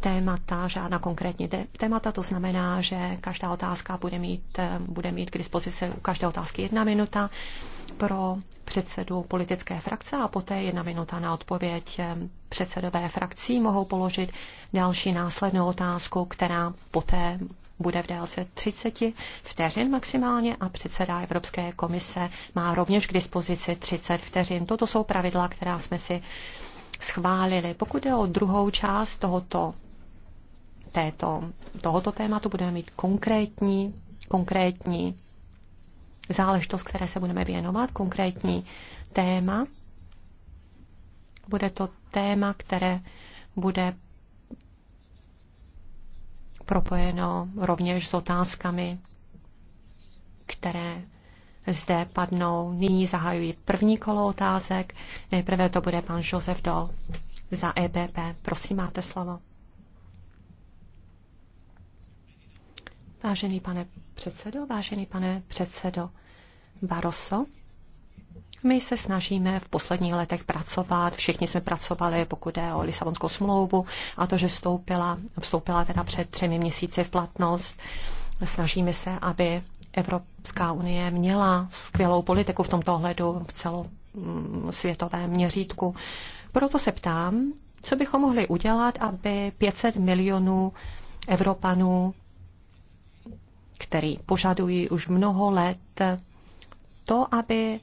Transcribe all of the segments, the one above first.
témata, žádná konkrétní témata, to znamená, že každá otázka bude mít, bude mít k dispozici u každé otázky jedna minuta pro předsedu politické frakce a poté jedna minuta na odpověď. Eh, předsedové frakcí mohou položit další následnou otázku, která poté bude v délce 30 vteřin maximálně a předseda Evropské komise má rovněž k dispozici 30 vteřin. Toto jsou pravidla, která jsme si schválili. Pokud je o druhou část tohoto, této, tohoto tématu, budeme mít konkrétní, konkrétní záležitost, které se budeme věnovat, konkrétní téma. Bude to téma, které bude propojeno rovněž s otázkami, které zde padnou. Nyní zahajuji první kolo otázek. Nejprve to bude pan Josef Dol za EPP. Prosím, máte slovo. Vážený pane předsedo, vážený pane předsedo Baroso, my se snažíme v posledních letech pracovat, všichni jsme pracovali, pokud je o Lisabonskou smlouvu a to, že vstoupila, vstoupila teda před třemi měsíci v platnost. Snažíme se, aby Evropská unie měla skvělou politiku v tomto ohledu v celosvětovém měřítku. Proto se ptám, co bychom mohli udělat, aby 500 milionů Evropanů, který požadují už mnoho let, to, aby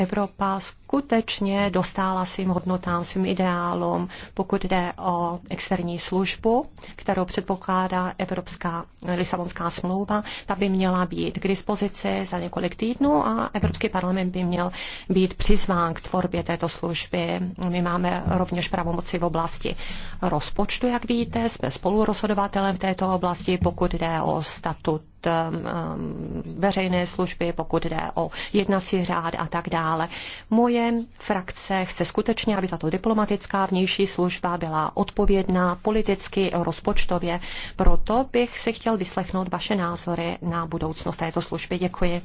Evropa skutečně dostála svým hodnotám, svým ideálům, pokud jde o externí službu, kterou předpokládá Evropská Lisabonská smlouva. Ta by měla být k dispozici za několik týdnů a Evropský parlament by měl být přizván k tvorbě této služby. My máme rovněž pravomoci v oblasti rozpočtu, jak víte, jsme spolurozhodovatelem v této oblasti, pokud jde o statut Um, veřejné služby, pokud jde o jednací řád a tak dále. Moje frakce chce skutečně, aby tato diplomatická vnější služba byla odpovědná politicky, rozpočtově. Proto bych si chtěl vyslechnout vaše názory na budoucnost této služby. Děkuji.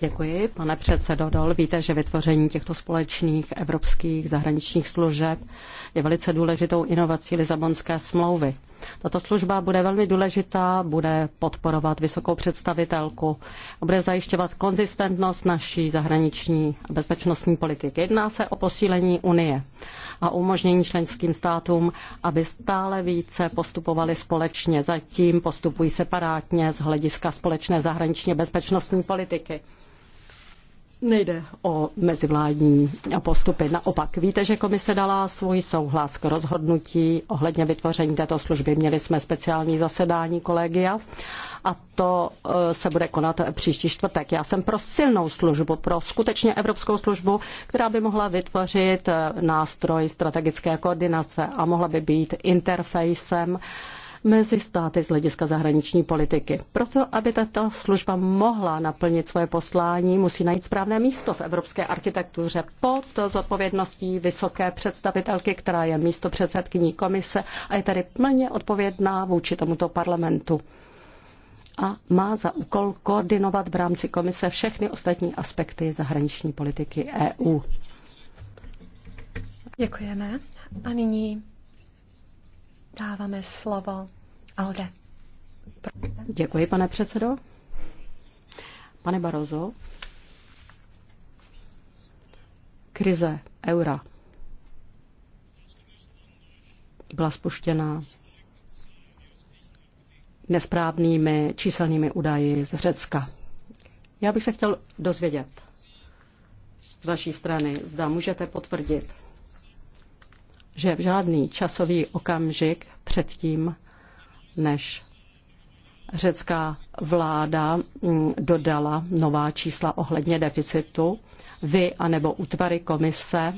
Děkuji, pane předsedo Dol. Víte, že vytvoření těchto společných evropských zahraničních služeb je velice důležitou inovací Lisabonské smlouvy. Tato služba bude velmi důležitá, bude podporovat vysokou představitelku a bude zajišťovat konzistentnost naší zahraniční a bezpečnostní politiky. Jedná se o posílení Unie a umožnění členským státům, aby stále více postupovali společně. Zatím postupují separátně z hlediska společné zahraničně bezpečnostní politiky. Nejde o mezivládní postupy. Naopak, víte, že komise dala svůj souhlas k rozhodnutí ohledně vytvoření této služby. Měli jsme speciální zasedání kolegia a to eh, se bude konat příští čtvrtek. Já jsem pro silnou službu, pro skutečně evropskou službu, která by mohla vytvořit eh, nástroj strategické koordinace a mohla by být interfejsem mezi státy z hlediska zahraniční politiky. Proto, aby tato služba mohla naplnit svoje poslání, musí najít správné místo v evropské architektuře pod zodpovědností vysoké představitelky, která je místo předsedkyní komise a je tady plně odpovědná vůči tomuto parlamentu a má za úkol koordinovat v rámci komise všechny ostatní aspekty zahraniční politiky EU. Děkujeme. A nyní Dáváme slovo Alde. Děkuji, pane předsedo. Pane Barozo, krize eura byla spuštěna nesprávnými číselnými údaji z Řecka. Já bych se chtěl dozvědět z vaší strany, zda můžete potvrdit, že v žádný časový okamžik předtím, než řecká vláda mm, dodala nová čísla ohledně deficitu, vy anebo útvary komise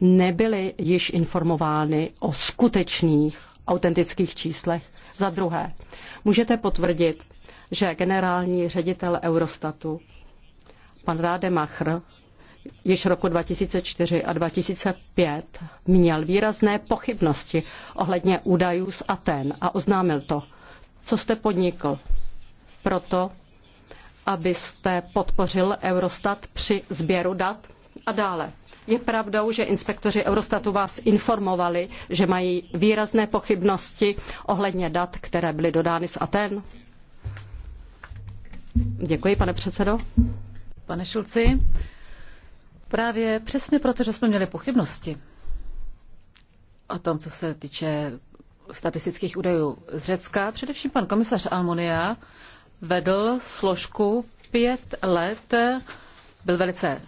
nebyly již informovány o skutečných autentických číslech. Za druhé, můžete potvrdit, že generální ředitel Eurostatu, pan Rádemachr, již roku 2004 a 2005 měl výrazné pochybnosti ohledně údajů z Aten a oznámil to. Co jste podnikl? Proto, abyste podpořil Eurostat při sběru dat a dále. Je pravdou, že inspektoři Eurostatu vás informovali, že mají výrazné pochybnosti ohledně dat, které byly dodány z Aten? Děkuji, pane předsedo. Pane Šulci, Právě přesně proto, že jsme měli pochybnosti o tom, co se týče statistických údajů z Řecka, především pan komisař Almonia vedl složku pět let, byl velice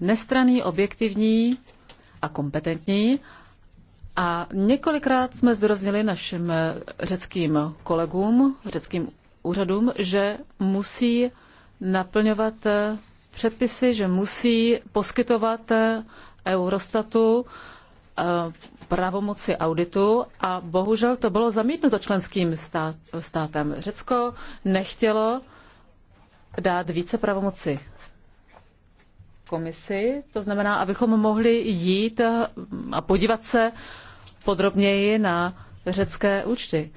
nestraný, objektivní a kompetentní. A několikrát jsme zdoroznili našim řeckým kolegům, řeckým úřadům, že musí naplňovat předpisy, že musí poskytovat eh, Eurostatu eh, pravomoci auditu a bohužel to bylo zamítnuto členským stát, státem. Řecko nechtělo dát více pravomoci komisi, to znamená, abychom mohli jít eh, a podívat se podrobněji na řecké účty.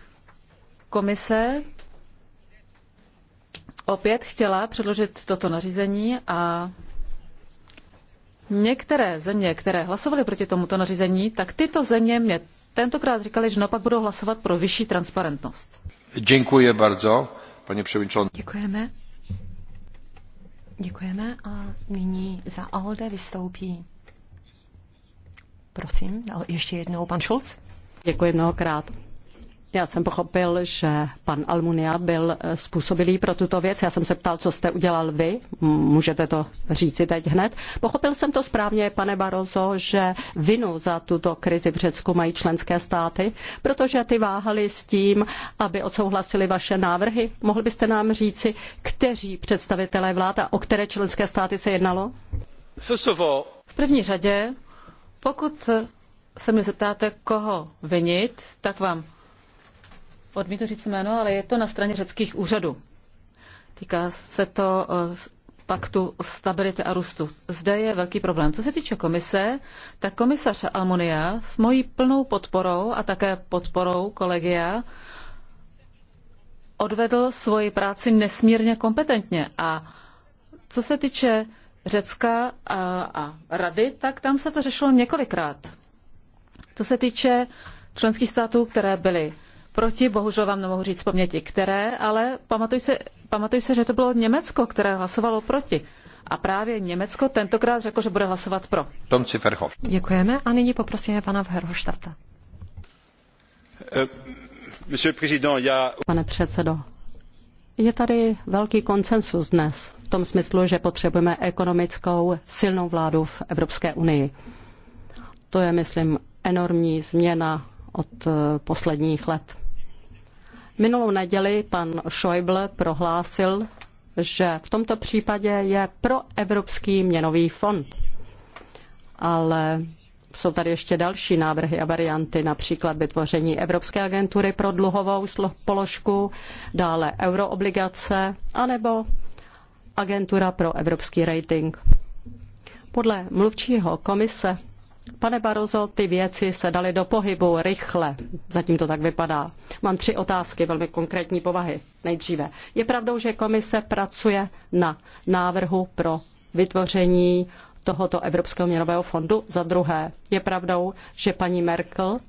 Komise opět chtěla předložit toto nařízení a některé země, které hlasovaly proti tomuto nařízení, tak tyto země mě tentokrát říkali, že naopak budou hlasovat pro vyšší transparentnost. Děkuji bardzo, paní převinčon. Děkujeme. Děkujeme a nyní za ALDE vystoupí. Prosím, ale ještě jednou pan Šulc. Děkuji mnohokrát. Já jsem pochopil, že pan Almunia byl eh, způsobilý pro tuto věc. Já jsem se ptal, co jste udělal vy. Můžete to říci teď hned. Pochopil jsem to správně, pane Barozo, že vinu za tuto krizi v Řecku mají členské státy, protože ty váhali s tím, aby odsouhlasili vaše návrhy. Mohl byste nám říci, kteří představitelé vlád a o které členské státy se jednalo? V první řadě, pokud se mi zeptáte, koho vinit, tak vám odmítu říct jméno, ale je to na straně řeckých úřadů. Týká se to eh, paktu stability a růstu. Zde je velký problém. Co se týče komise, tak komisař Almonia s mojí plnou podporou a také podporou kolegia odvedl svoji práci nesmírně kompetentně. A co se týče Řecka a, a rady, tak tam se to řešilo několikrát. Co se týče členských států, které byly proti, bohužel vám nemohu říct po které, ale pamatuj se, pamatuj se, že to bylo Německo, které hlasovalo proti. A právě Německo tentokrát řeklo, že bude hlasovat pro. Tom Ciferhoff. Děkujeme a nyní poprosíme pana Verhofstadta. Eh, Pane předsedo, je tady velký konsensus dnes v tom smyslu, že potřebujeme ekonomickou silnou vládu v Evropské unii. To je, myslím, enormní změna od eh, posledních let. Minulou neděli pan Schäuble prohlásil, že v tomto případě je pro Evropský měnový fond. Ale jsou tady ještě další návrhy a varianty, například vytvoření Evropské agentury pro dluhovou položku, dále euroobligace, anebo agentura pro evropský rating. Podle mluvčího komise Pane Barozo, ty věci se daly do pohybu rychle. Zatím to tak vypadá. Mám tři otázky velmi konkrétní povahy. Nejdříve. Je pravdou, že komise pracuje na návrhu pro vytvoření tohoto Evropského měnového fondu? Za druhé, je pravdou, že paní Merkel,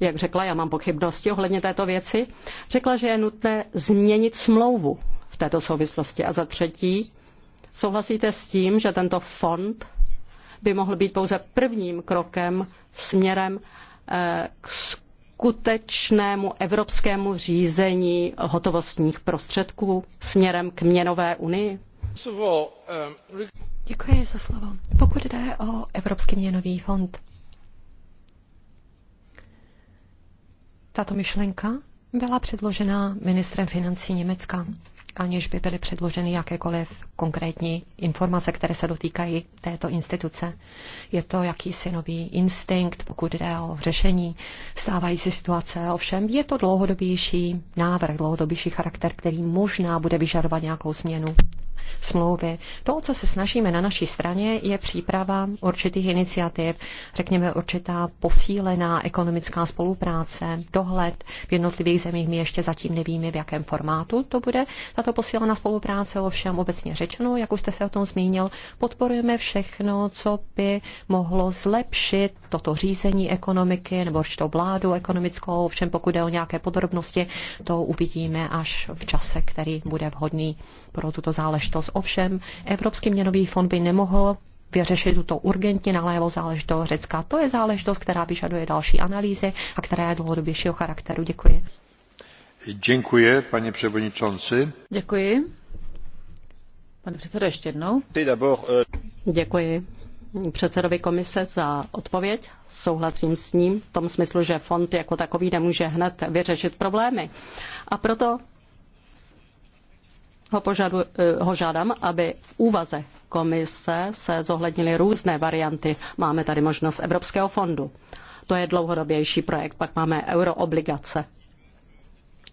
jak řekla, já mám pochybnosti ohledně této věci, řekla, že je nutné změnit smlouvu v této souvislosti. A za třetí, souhlasíte s tím, že tento fond by mohl být pouze prvním krokem směrem eh, k skutečnému evropskému řízení hotovostních prostředků směrem k měnové unii? Děkuji za slovo. Pokud jde o Evropský měnový fond, tato myšlenka byla předložena ministrem financí Německa aniž by byly předloženy jakékoliv konkrétní informace, které se dotýkají této instituce. Je to jakýsi nový instinkt, pokud jde o řešení stávající situace. Ovšem je to dlouhodobější návrh, dlouhodobější charakter, který možná bude vyžadovat nějakou změnu smlouvy. To, co se snažíme na naší straně, je příprava určitých iniciativ, řekněme určitá posílená ekonomická spolupráce, dohled v jednotlivých zemích. My ještě zatím nevíme, v jakém formátu to bude. Tato posílená spolupráce ovšem obecně řečeno, jak už jste se o tom zmínil, podporujeme všechno, co by mohlo zlepšit toto řízení ekonomiky nebo určitou vládu ekonomickou. Ovšem pokud jde o nějaké podrobnosti, to uvidíme až v čase, který bude vhodný pro tuto záležitost. Ovšem, Evropský měnový fond by nemohl vyřešit tuto urgentně nalévo záležitost Řecka. To je záležitost, která vyžaduje další analýzy a která je dlouhodobějšího charakteru. Děkuji. Děkuji, paní předsedající. Děkuji. Pane předsedo, ještě jednou. Eh, Děkuji předsedovi komise za odpověď. Souhlasím s ním v tom smyslu, že fond jako takový nemůže hned vyřešit problémy. A proto ho, požadu, eh, ho žádám, aby v úvaze komise se zohlednily různé varianty. Máme tady možnost Evropského fondu. To je dlouhodobější projekt. Pak máme euroobligace,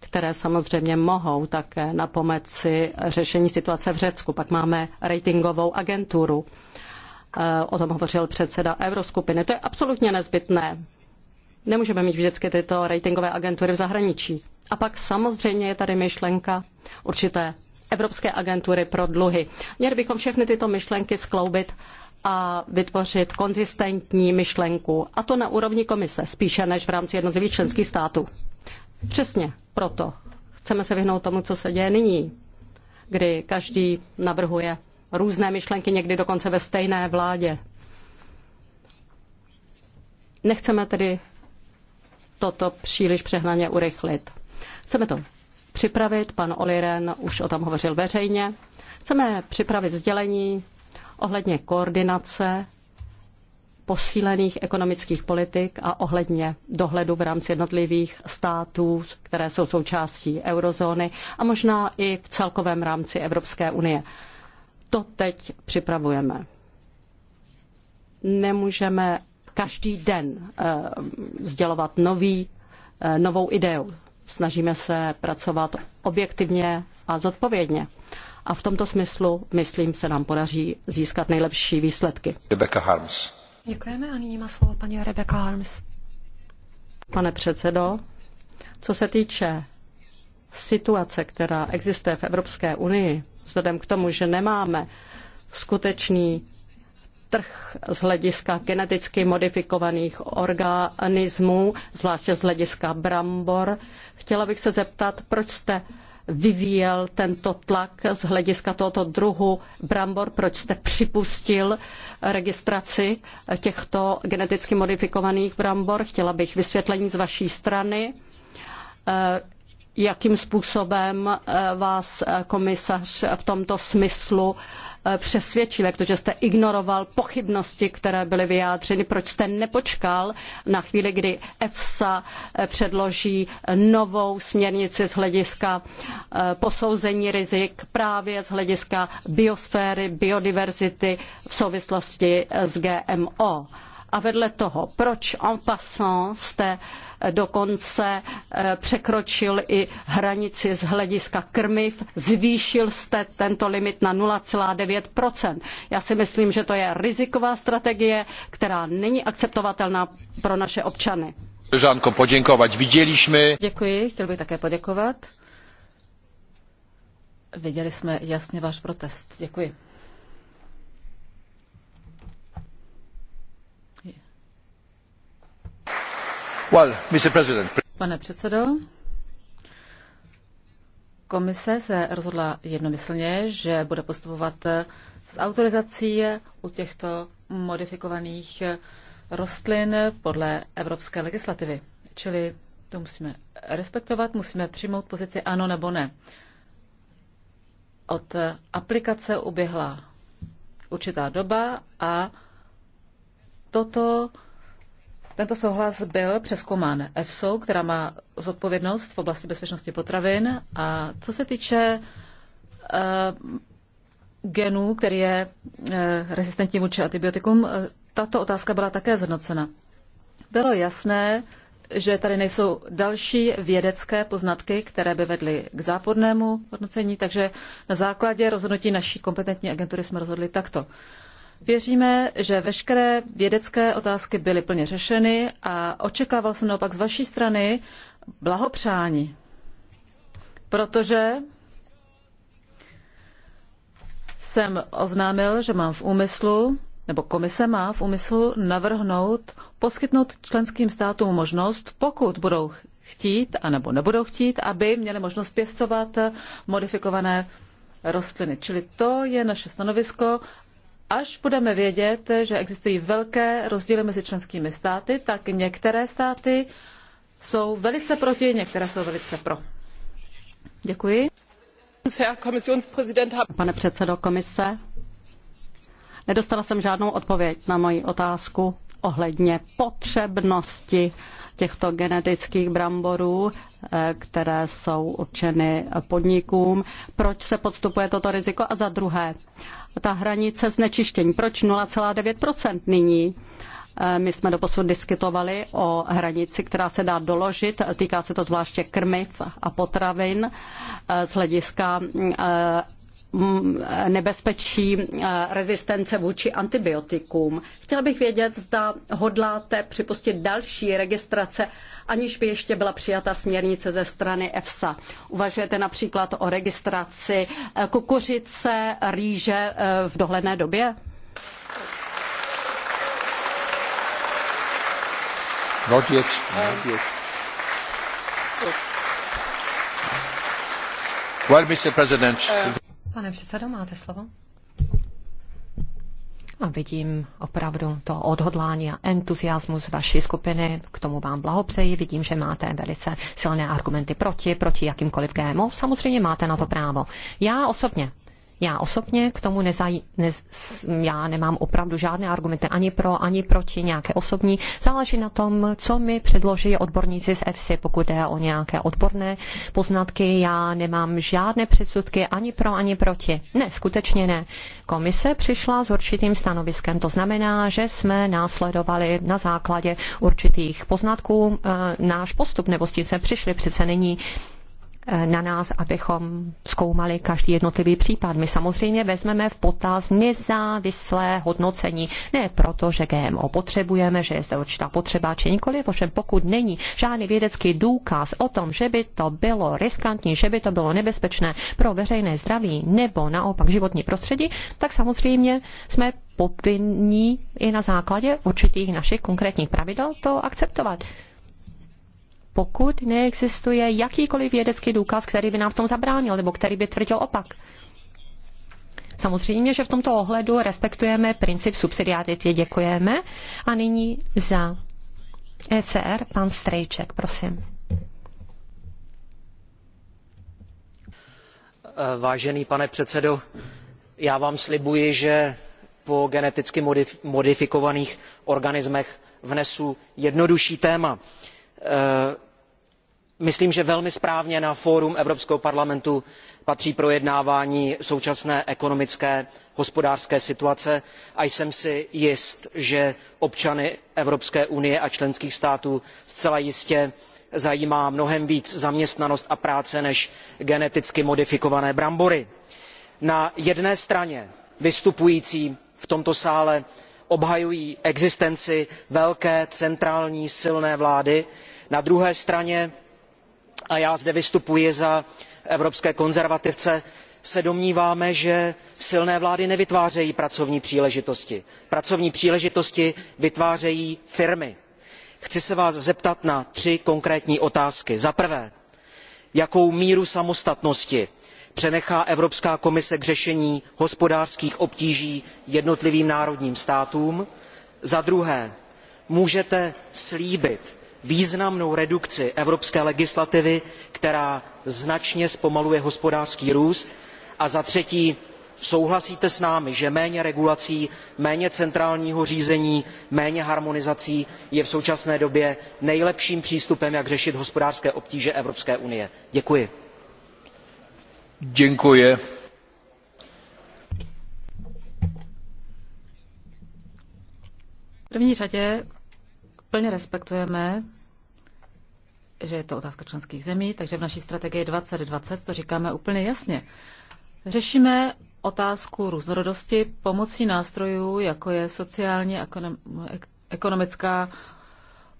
které samozřejmě mohou také na pomoci řešení situace v Řecku. Pak máme ratingovou agenturu. Eh, o tom hovořil předseda Euroskupiny. To je absolutně nezbytné. Nemůžeme mít vždycky tyto ratingové agentury v zahraničí. A pak samozřejmě je tady myšlenka určité Evropské agentury pro dluhy. Měli bychom všechny tyto myšlenky skloubit a vytvořit konzistentní myšlenku, a to na úrovni komise, spíše než v rámci jednotlivých členských států. Přesně proto chceme se vyhnout tomu, co se děje nyní, kdy každý navrhuje různé myšlenky, někdy dokonce ve stejné vládě. Nechceme tedy toto příliš přehnaně urychlit. Chceme to připravit. Pan Oliren už o tom hovořil veřejně. Chceme připravit sdělení ohledně koordinace posílených ekonomických politik a ohledně dohledu v rámci jednotlivých států, které jsou součástí eurozóny a možná i v celkovém rámci Evropské unie. To teď připravujeme. Nemůžeme každý den uh, sdělovat nový, eh, novou ideu. Snažíme se pracovat objektivně a zodpovědně. A v tomto smyslu, myslím, se nám podaří získat nejlepší výsledky. Rebecca Harms. Děkujeme a nyní má slovo paní Rebecca Harms. Pane předsedo, co se týče situace, která existuje v Evropské unii, vzhledem k tomu, že nemáme skutečný trh z hlediska geneticky modifikovaných organismů, zvláště z hlediska brambor. Chtěla bych se zeptat, proč jste vyvíjel tento tlak z hlediska tohoto druhu brambor, proč jste připustil registraci těchto geneticky modifikovaných brambor. Chtěla bych vysvětlení z vaší strany, eh, jakým způsobem eh, vás eh, komisař v tomto smyslu Eh, to, že jste ignoroval pochybnosti, které byly vyjádřeny, proč jste nepočkal na chvíli, kdy EFSA eh, předloží novou směrnici z hlediska eh, posouzení rizik právě z hlediska biosféry, biodiverzity v souvislosti s GMO. A vedle toho, proč en passant jste uh, dokonce eh, překročil i hranici z hlediska krmiv, zvýšil jste tento limit na 0,9 Já si myslím, že to je riziková strategie, která není akceptovatelná pro naše občany. Žánko, poděkovat. jsme. Děkuji, chtěl bych také poděkovat. Viděli jsme jasně váš protest. Děkuji. Pane předsedo, komise se rozhodla jednomyslně, že bude postupovat s autorizací u těchto modifikovaných rostlin podle evropské legislativy. Čili to musíme respektovat, musíme přijmout pozici ano nebo ne. Od aplikace uběhla určitá doba a toto tento souhlas byl přeskoumán EFSO, která má zodpovědnost v oblasti bezpečnosti potravin. A co se týče uh, eh, genu, který je uh, rezistentní vůči antibiotikum, uh, eh, tato otázka byla také zhodnocena. Bylo jasné, že tady nejsou další vědecké poznatky, které by vedly k zápornému hodnocení, takže na základě rozhodnutí naší kompetentní agentury jsme rozhodli takto. Uh, Věříme, že veškeré vědecké otázky byly plně řešeny a očekával jsem naopak z vaší strany blahopřání, protože jsem oznámil, že mám v úmyslu, nebo komise má v úmyslu navrhnout, poskytnout členským státům možnost, pokud budou chtít, anebo nebudou chtít, aby měli možnost pěstovat modifikované rostliny. Čili to je naše stanovisko až budeme vědět, že existují velké rozdíly mezi členskými státy, tak některé státy jsou velice proti, některé jsou velice pro. Děkuji. Pane předsedo komise, nedostala jsem žádnou odpověď na moji otázku ohledně potřebnosti těchto genetických bramborů, eh, které jsou určeny podnikům. Proč se podstupuje toto riziko? A za druhé, ta hranice znečištění. Proč 0,9 nyní? Eh, my jsme doposud diskutovali o hranici, která se dá doložit. Týká se to zvláště krmiv a potravin eh, z hlediska eh, nebezpečí rezistence vůči antibiotikům. Chtěla bych vědět, zda hodláte připustit další registrace aniž by ještě byla přijata směrnice ze strany EFSA. Uvažujete například o registraci eh, kukuřice, rýže eh, v dohledné době? Not yet. Well, Mr. President. Pane předsedo, máte slovo a vidím opravdu to odhodlání a entuziasmus vaší skupiny. K tomu vám blahopřeji. Vidím, že máte velice silné argumenty proti, proti jakýmkoliv GMO. Samozřejmě máte na to právo. Já osobně já osobně k tomu nezaj, ne, já nemám opravdu žádné argumenty ani pro, ani proti nějaké osobní. Záleží na tom, co mi předloží odborníci z EFSI, pokud jde o nějaké odborné poznatky. Já nemám žádné předsudky ani pro, ani proti. Ne, skutečně ne. Komise přišla s určitým stanoviskem. To znamená, že jsme následovali na základě určitých poznatků e, náš postup, nebo s tím jsme přišli. Přece není Eh, na nás, abychom zkoumali každý jednotlivý případ. My samozřejmě vezmeme v potaz nezávislé hodnocení. Ne proto, že GMO potřebujeme, že je zde určitá potřeba, či nikoliv, ovšem pokud není žádný vědecký důkaz o tom, že by to bylo riskantní, že by to bylo nebezpečné pro veřejné zdraví nebo naopak životní prostředí, tak samozřejmě jsme povinní i na základě určitých našich konkrétních pravidel to akceptovat pokud neexistuje jakýkoliv vědecký důkaz, který by nám v tom zabránil nebo který by tvrdil opak. Samozřejmě, že v tomto ohledu respektujeme princip subsidiarity. Děkujeme. A nyní za ECR pan Strejček, prosím. Vážený pane předsedo, já vám slibuji, že po geneticky modifikovaných organismech vnesu jednodušší téma. Uh, Eh, myslím že velmi správně na fórum evropského parlamentu patří projednávání současné ekonomické hospodářské situace a jsem si jist že občany evropské unie a členských států zcela jistě zajímá mnohem více zaměstnanost a práce než geneticky modifikované brambory. na jedné straně vystupující v tomto sále obhajují existenci velké centrální silné vlády na druhé straně a já zde vystupuji za evropské konzervativce se domníváme že silné vlády nevytvářejí pracovní příležitosti pracovní příležitosti vytvářejí firmy. chci se vás zeptat na tři konkrétní otázky. za prvé jakou míru samostatnosti přenechá evropská komise k řešení hospodářských obtíží jednotlivým národním státům? za druhé můžete slíbit významnou redukci evropské legislativy která značně zpomaluje hospodářský růst a za třetí souhlasíte s námi že méně regulací méně centrálního řízení méně harmonizací je v současné době nejlepším přístupem jak řešit hospodářské obtíže evropské unie? děkuji. děkuji. v první řadě Plně respektujeme, že je to otázka členských zemí, takže v naší strategii 2020 to říkáme úplně jasně. Řešíme otázku různorodosti pomocí nástrojů, jako je sociální, ekonomická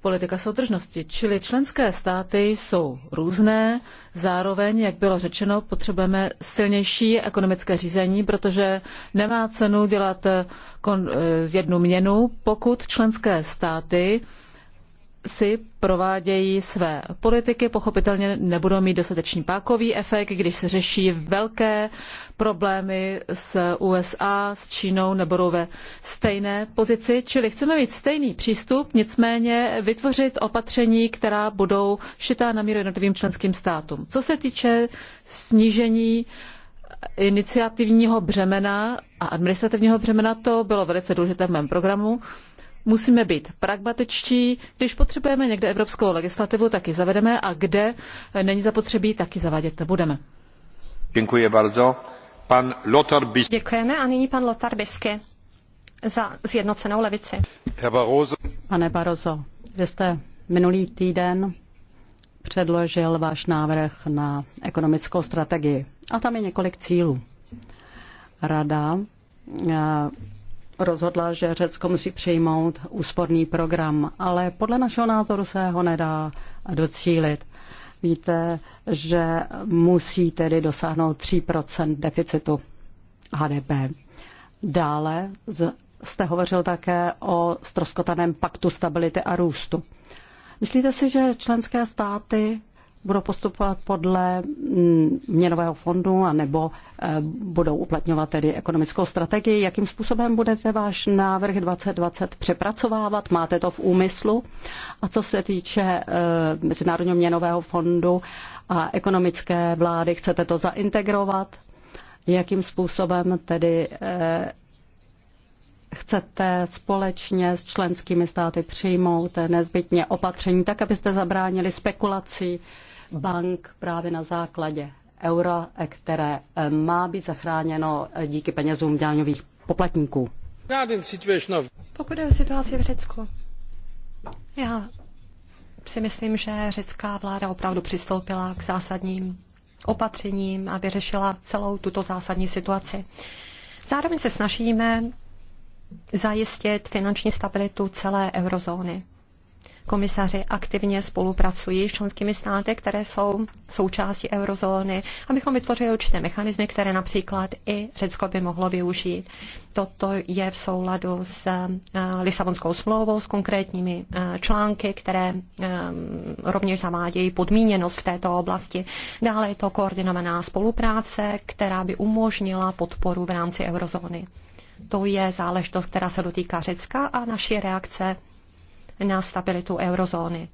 politika soudržnosti. Čili členské státy jsou různé, zároveň, jak bylo řečeno, potřebujeme silnější ekonomické řízení, protože nemá cenu dělat eh, jednu měnu, pokud členské státy si provádějí své politiky, pochopitelně nebudou mít dostatečný pákový efekt, když se řeší velké problémy s USA, s Čínou, nebudou ve stejné pozici. Čili chceme mít stejný přístup, nicméně vytvořit opatření, která budou šitá na míru jednotlivým členským státům. Co se týče snížení iniciativního břemena a administrativního břemena, to bylo velice důležité v mém programu musíme být pragmatičtí. Když potřebujeme někde evropskou legislativu, tak ji zavedeme a kde není zapotřebí, tak ji zavádět nebudeme. Děkuji bardzo. Pan Lothar Děkujeme a nyní pan Lothar Bisky za zjednocenou levici. Pane Barozo, vy jste minulý týden předložil váš návrh na ekonomickou strategii a tam je několik cílů. Rada eh, rozhodla, že Řecko musí přijmout úsporný program, ale podle našeho názoru se ho nedá docílit. Víte, že musí tedy dosáhnout 3 deficitu HDP. Dále jste hovořil také o stroskotaném paktu stability a růstu. Myslíte si, že členské státy budou postupovat podle mm, měnového fondu a nebo eh, budou uplatňovat tedy ekonomickou strategii. Jakým způsobem budete váš návrh 2020 přepracovávat? Máte to v úmyslu? A co se týče eh, Mezinárodního měnového fondu a ekonomické vlády, chcete to zaintegrovat? Jakým způsobem tedy eh, chcete společně s členskými státy přijmout nezbytně opatření, tak abyste zabránili spekulací bank právě na základě eura, které eh, má být zachráněno eh, díky penězům daňových poplatníků. Pokud je o situaci v Řecku, já si myslím, že řecká vláda opravdu přistoupila k zásadním opatřením, aby řešila celou tuto zásadní situaci. Zároveň se snažíme zajistit finanční stabilitu celé eurozóny komisaři aktivně spolupracují s členskými státy, které jsou součástí eurozóny, abychom vytvořili určité mechanismy, které například i Řecko by mohlo využít. Toto je v souladu s eh, Lisabonskou smlouvou, s konkrétními eh, články, které eh, rovněž zavádějí podmíněnost v této oblasti. Dále je to koordinovaná spolupráce, která by umožnila podporu v rámci eurozóny. To je záležitost, která se dotýká Řecka a naší reakce na stabilitu eurozóny.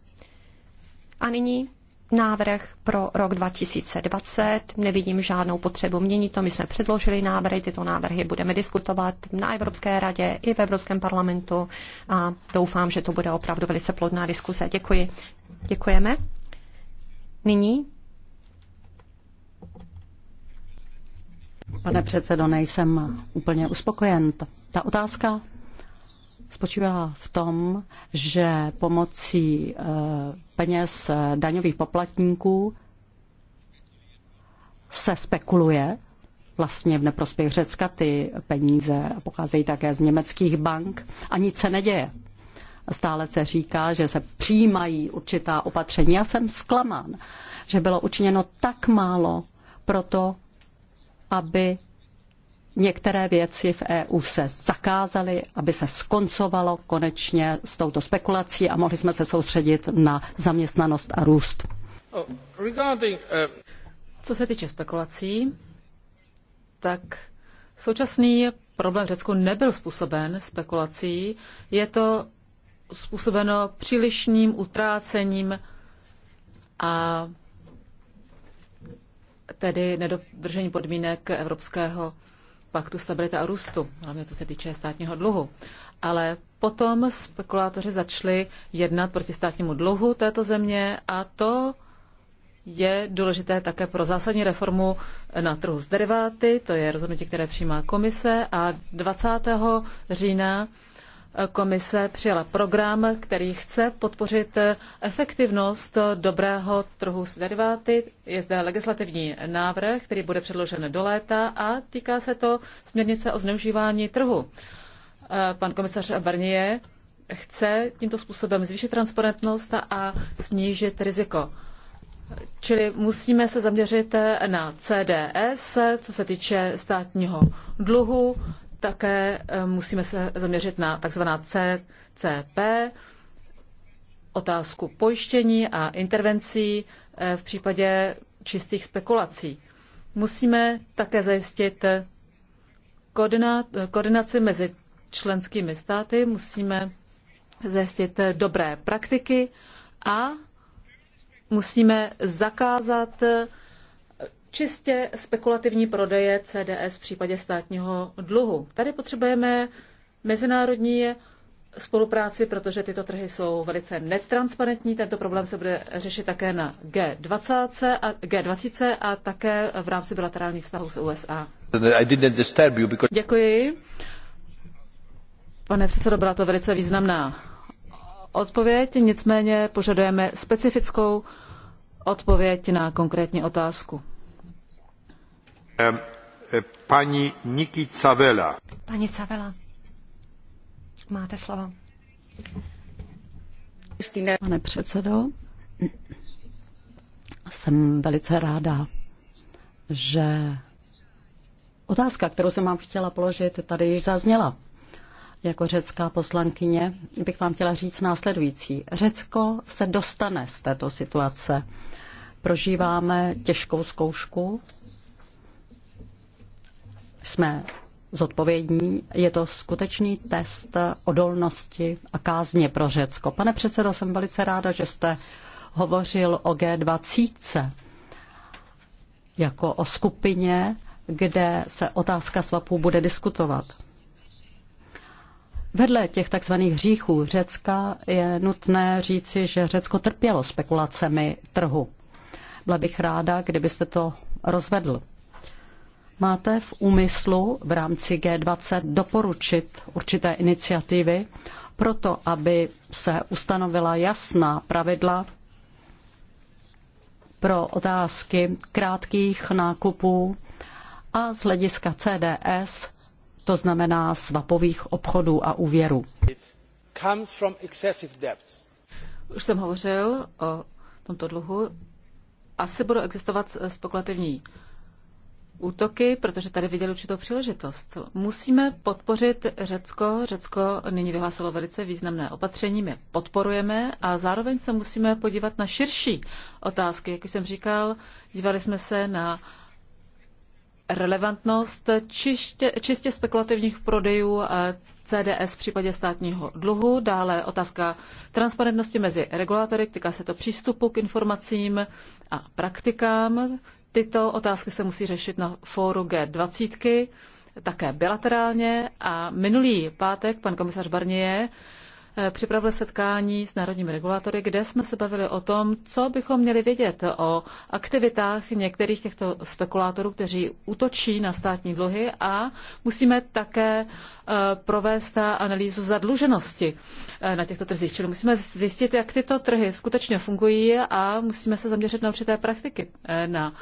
A nyní návrh pro rok 2020. Nevidím žádnou potřebu měnit to. My jsme předložili návrhy, tyto návrhy budeme diskutovat na Evropské radě i v Evropském parlamentu a doufám, že to bude opravdu velice plodná diskuse. Děkuji. Děkujeme. Nyní Pane předsedo, nejsem úplně uspokojen. Ta otázka spočívá v tom, že pomocí eh, peněz eh, daňových poplatníků se spekuluje vlastně v neprospěch Řecka. Ty peníze pocházejí také z německých bank a nic se neděje. Stále se říká, že se přijímají určitá opatření. Já jsem zklamán, že bylo učiněno tak málo pro to, aby některé věci v EU se zakázaly, aby se skoncovalo konečně s touto spekulací a mohli jsme se soustředit na zaměstnanost a růst. Oh, eh, Co se týče spekulací, tak současný problém v Řecku nebyl způsoben spekulací. Je to způsobeno přílišným utrácením a tedy nedodržení podmínek evropského paktu stability a růstu, hlavně to se týče státního dluhu. Ale potom spekulátoři začali jednat proti státnímu dluhu této země a to je důležité také pro zásadní reformu na trhu s deriváty, to je rozhodnutí, které přijímá komise a 20. října komise přijala program, který chce podpořit efektivnost dobrého trhu s deriváty. Je zde legislativní návrh, který bude předložen do léta a týká se to směrnice o zneužívání trhu. Eh, pan komisař Barnier chce tímto způsobem zvýšit transparentnost a snížit riziko. Čili musíme se zaměřit na CDS, co se týče státního dluhu, také eh, musíme se zaměřit na tzv. CCP, otázku pojištění a intervencí eh, v případě čistých spekulací. Musíme také zajistit koordinaci mezi členskými státy, musíme zajistit dobré praktiky a musíme zakázat čistě spekulativní prodeje CDS v případě státního dluhu. Tady potřebujeme mezinárodní spolupráci, protože tyto trhy jsou velice netransparentní. Tento problém se bude řešit také na G20 a, G20 a také v rámci bilaterálních vztahů s USA. Děkuji. Pane předsedo, byla to velice významná odpověď, nicméně požadujeme specifickou odpověď na konkrétní otázku. E, paní Niki Cavela. Paní Cavela, máte slovo. Pane předsedo, jsem velice ráda, že otázka, kterou jsem vám chtěla položit, tady již zazněla. Jako řecká poslankyně bych vám chtěla říct následující. Řecko se dostane z této situace. Prožíváme těžkou zkoušku jsme zodpovědní. Je to skutečný test odolnosti a kázně pro Řecko. Pane předsedo, jsem velice ráda, že jste hovořil o G20 jako o skupině, kde se otázka svapů bude diskutovat. Vedle těch takzvaných hříchů Řecka je nutné říci, že Řecko trpělo spekulacemi trhu. Byla bych ráda, kdybyste to rozvedl. Máte v úmyslu v rámci G20 doporučit určité iniciativy proto, aby se ustanovila jasná pravidla pro otázky krátkých nákupů a z hlediska CDS, to znamená svapových obchodů a úvěrů. Už jsem hovořil o tomto dluhu. Asi budou existovat spekulativní útoky, protože tady viděli určitou příležitost. Musíme podpořit Řecko. Řecko nyní vyhlásilo velice významné opatření, my podporujeme a zároveň se musíme podívat na širší otázky. Jak už jsem říkal, dívali jsme se na relevantnost čistě, čistě spekulativních prodejů eh, CDS v případě státního dluhu, dále otázka transparentnosti mezi regulátory, týká se to přístupu k informacím a praktikám, Tyto otázky se musí řešit na fóru G20, také bilaterálně. A minulý pátek pan komisař Barnier připravili setkání s národními regulátory, kde jsme se bavili o tom, co bychom měli vědět o aktivitách některých těchto spekulátorů, kteří útočí na státní dluhy a musíme také eh, provést analýzu zadluženosti eh, na těchto trzích. Čili musíme zjistit, jak tyto trhy skutečně fungují a musíme se zaměřit na určité praktiky, eh, na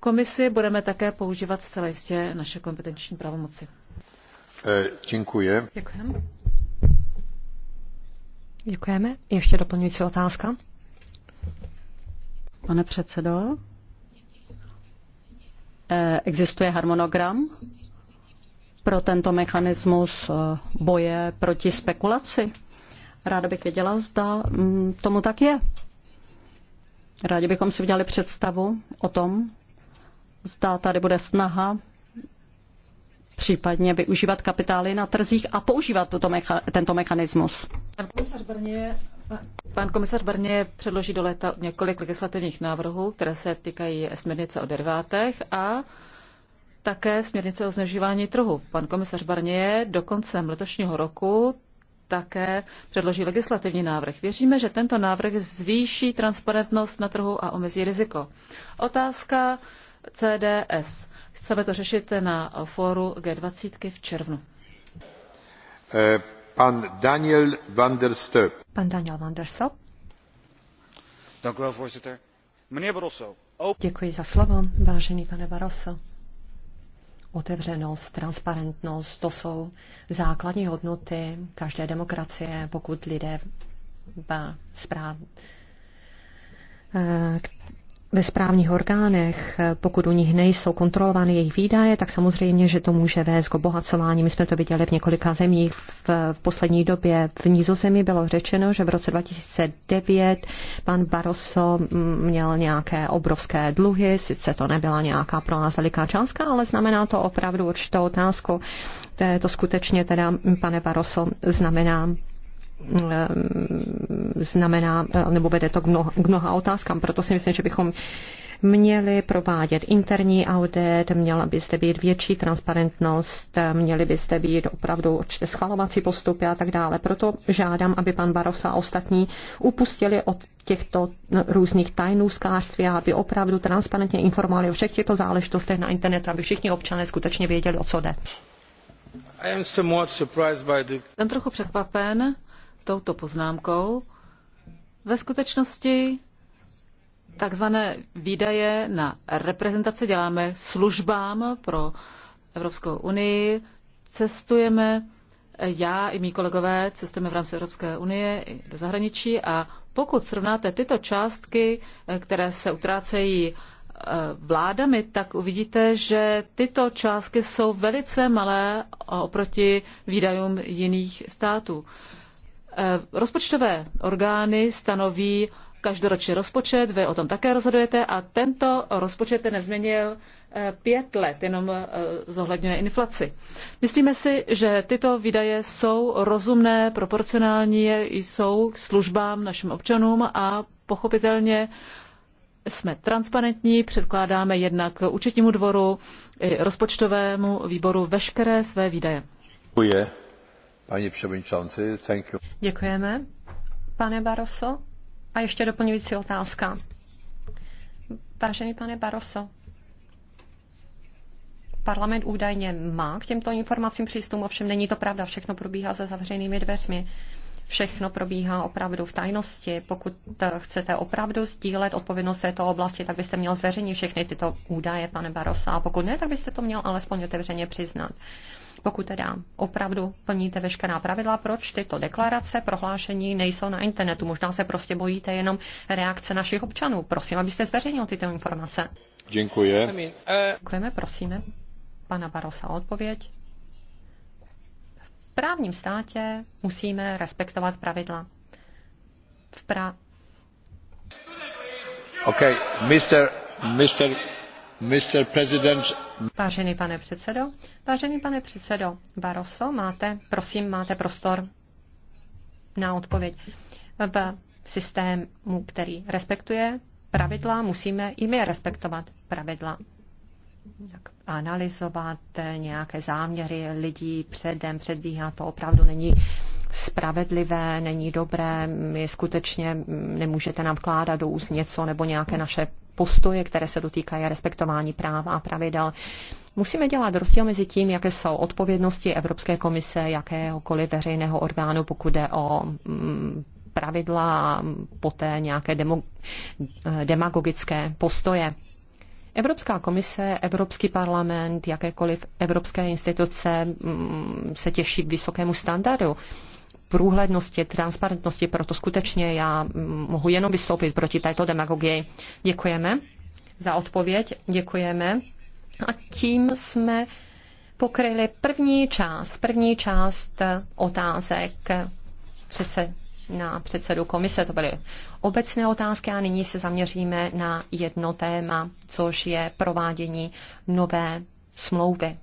komisi budeme také používat zcela jistě naše kompetenční pravomoci. Děkuji. Děkujeme. Děkujeme. Ještě doplňující otázka. Pane předsedo, eh, existuje harmonogram pro tento mechanismus eh, boje proti spekulaci? Ráda bych věděla, zda mm, tomu tak je. Rádi bychom si udělali představu o tom, zda tady bude snaha případně využívat kapitály na trzích a používat tuto mecha- tento mechanismus. Pan komisař Barnier, Pan komisař předloží do léta několik legislativních návrhů, které se týkají směrnice o derivátech a také směrnice o zneužívání trhu. Pan komisař Barnier do konce letošního roku také předloží legislativní návrh. Věříme, že tento návrh zvýší transparentnost na trhu a omezí riziko. Otázka CDS. Chceme to řešit na fóru G20 v červnu. Eh, Pan Daniel van der Stöp. Pan Daniel van der Stöp. Dank u wel, voorzitter. Meneer Barroso. Děkuji za slovo, vážený pane Barroso. Otevřenost, transparentnost, to jsou základní hodnoty každé demokracie, pokud lidé v správ, ve správních orgánech, pokud u nich nejsou kontrolovány jejich výdaje, tak samozřejmě, že to může vést k obohacování. My jsme to viděli v několika zemích v, v poslední době. V Nízozemí bylo řečeno, že v roce 2009 pan Barroso mm, měl nějaké obrovské dluhy, sice to nebyla nějaká pro nás veliká částka, ale znamená to opravdu určitou otázku. To, to skutečně teda, pane Barroso, znamená Eh, znamená, eh, nebo vede to k mnoha, k mnoha otázkám, proto si myslím, že bychom měli provádět interní audit, měla by zde být větší transparentnost, měly by zde být opravdu určitě schvalovací postupy a tak dále. Proto žádám, aby pan Barosa a ostatní upustili od těchto různých tajnů skářství a aby opravdu transparentně informovali o všech těchto záležitostech na internetu, aby všichni občané skutečně věděli, o co jde. Jsem trochu překvapen, touto poznámkou. Ve skutečnosti takzvané výdaje na reprezentace děláme službám pro Evropskou unii, cestujeme, já i mý kolegové cestujeme v rámci Evropské unie i do zahraničí a pokud srovnáte tyto částky, které se utrácejí eh, vládami, tak uvidíte, že tyto částky jsou velice malé oproti výdajům jiných států. Eh, rozpočtové orgány stanoví každoročně rozpočet, vy o tom také rozhodujete a tento rozpočet nezměnil eh, pět let, jenom eh, zohledňuje inflaci. Myslíme si, že tyto výdaje jsou rozumné, proporcionální, jsou k službám našim občanům a pochopitelně jsme transparentní, předkládáme jednak účetnímu dvoru, i rozpočtovému výboru veškeré své výdaje. Děkuji. Pani předsedající, thank you. Děkujeme, pane Baroso. A ještě doplňující otázka. Vážený pane Baroso, parlament údajně má k těmto informacím přístup, ovšem není to pravda, všechno probíhá za zavřenými dveřmi. Všechno probíhá opravdu v tajnosti. Pokud chcete opravdu sdílet odpovědnost této oblasti, tak byste měl zveřejnit všechny tyto údaje, pane Barosa. A pokud ne, tak byste to měl alespoň otevřeně přiznat. Pokud teda opravdu plníte veškerá pravidla, proč tyto deklarace, prohlášení nejsou na internetu? Možná se prostě bojíte jenom reakce našich občanů. Prosím, abyste zveřejnil tyto informace. Děkuji. Děkujeme, prosíme. Pana Barosa odpověď. V právním státě musíme respektovat pravidla. V pra... OK, Mr. Mr. Mr. President. Vážený pane předsedo, Vážený pane předsedo Baroso, máte, prosím, máte prostor na odpověď. V systému, který respektuje pravidla, musíme i my respektovat pravidla. Analyzovat nějaké záměry lidí předem, předvíhá to opravdu není spravedlivé, není dobré, my skutečně nemůžete nám vkládat do úst něco nebo nějaké naše postoje, které se dotýkají respektování práva a pravidel. Musíme dělat rozdíl mezi tím, jaké jsou odpovědnosti Evropské komise, jakéhokoliv veřejného orgánu, pokud jde o mm, pravidla a poté nějaké demo, demagogické postoje. Evropská komise, Evropský parlament, jakékoliv evropské instituce mm, se těší vysokému standardu průhlednosti, transparentnosti, proto skutečně já mm, mohu jenom vystoupit proti této demagogii. Děkujeme za odpověď, děkujeme a tím jsme pokryli první část, první část otázek přece na předsedu komise. To byly obecné otázky a nyní se zaměříme na jedno téma, což je provádění nové smlouvy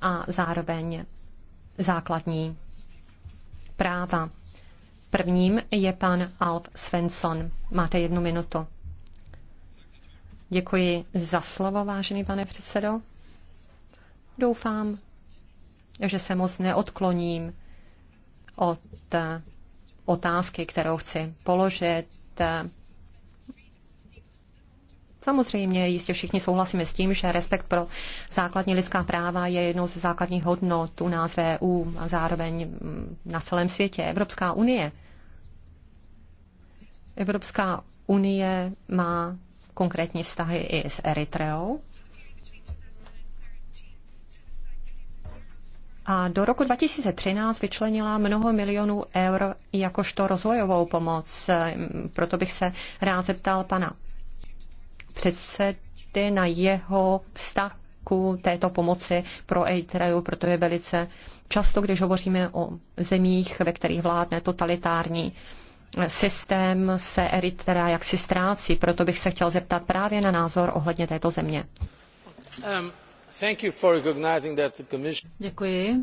a zároveň základní práva. Prvním je pan Alf Svensson. Máte jednu minutu. Děkuji za slovo, vážený pane předsedo. Doufám, že se moc neodkloním od eh, otázky, kterou chci položit. Samozřejmě jistě všichni souhlasíme s tím, že respekt pro základní lidská práva je jednou ze základních hodnot u nás v EU a zároveň mm, na celém světě. Evropská unie. Evropská unie má konkrétní vztahy i s Eritreou. A do roku 2013 vyčlenila mnoho milionů eur jakožto rozvojovou pomoc. Proto bych se rád zeptal pana předsedy na jeho vztah ku této pomoci pro Eritreu, protože je velice často, když hovoříme o zemích, ve kterých vládne totalitární systém se Eritrea jaksi ztrácí. Proto bych se chtěl zeptat právě na názor ohledně této země. Um, Děkuji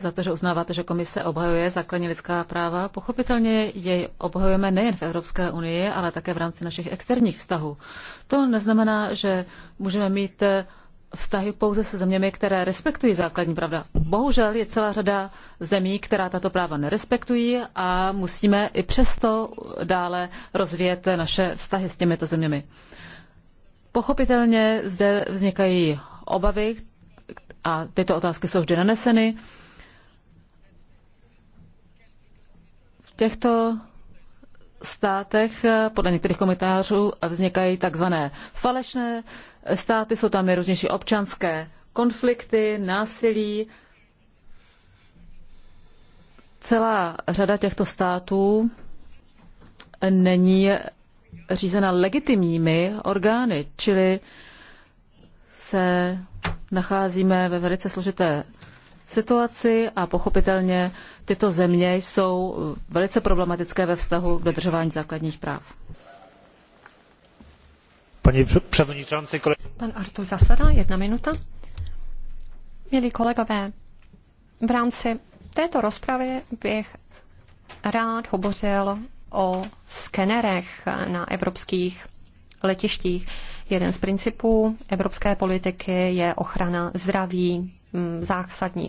za to, že uznáváte, že komise obhajuje základní lidská práva. Pochopitelně jej obhajujeme nejen v Evropské unii, ale také v rámci našich externích vztahů. To neznamená, že můžeme mít vztahy pouze se zeměmi, které respektují základní pravda. Bohužel je celá řada zemí, která tato práva nerespektují a musíme i přesto dále rozvíjet naše vztahy s těmito zeměmi. Pochopitelně zde vznikají obavy a tyto otázky jsou vždy naneseny. V těchto státech eh, podle některých komentářů vznikají takzvané falešné státy, jsou tam nejrůznější občanské konflikty, násilí. Celá řada těchto států není řízena legitimními orgány, čili se nacházíme ve velice složité situaci a pochopitelně tyto země jsou velice problematické ve vztahu k dodržování základních práv. Pani předsedající, kole... Pan Artur Zasada, jedna minuta. Milí kolegové, v rámci této rozpravy bych rád hovořil o skenerech na evropských letištích. Jeden z principů evropské politiky je ochrana zdraví Mm,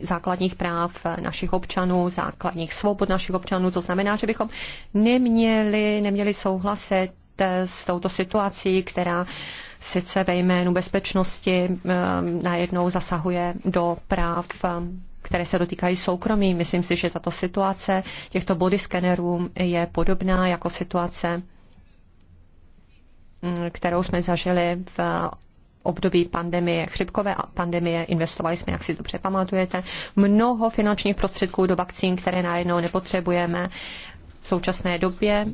základních práv našich občanů, základních svobod našich občanů. To znamená, že bychom neměli, neměli souhlasit eh, s touto situací, která sice ve jménu bezpečnosti eh, najednou zasahuje do práv eh, které se dotýkají soukromí. Myslím si, že tato situace těchto body skenerů je podobná jako situace, mm, kterou jsme zažili v období pandemie, chřipkové pandemie, investovali jsme, jak si dobře pamatujete, mnoho finančních prostředků do vakcín, které najednou nepotřebujeme. V současné době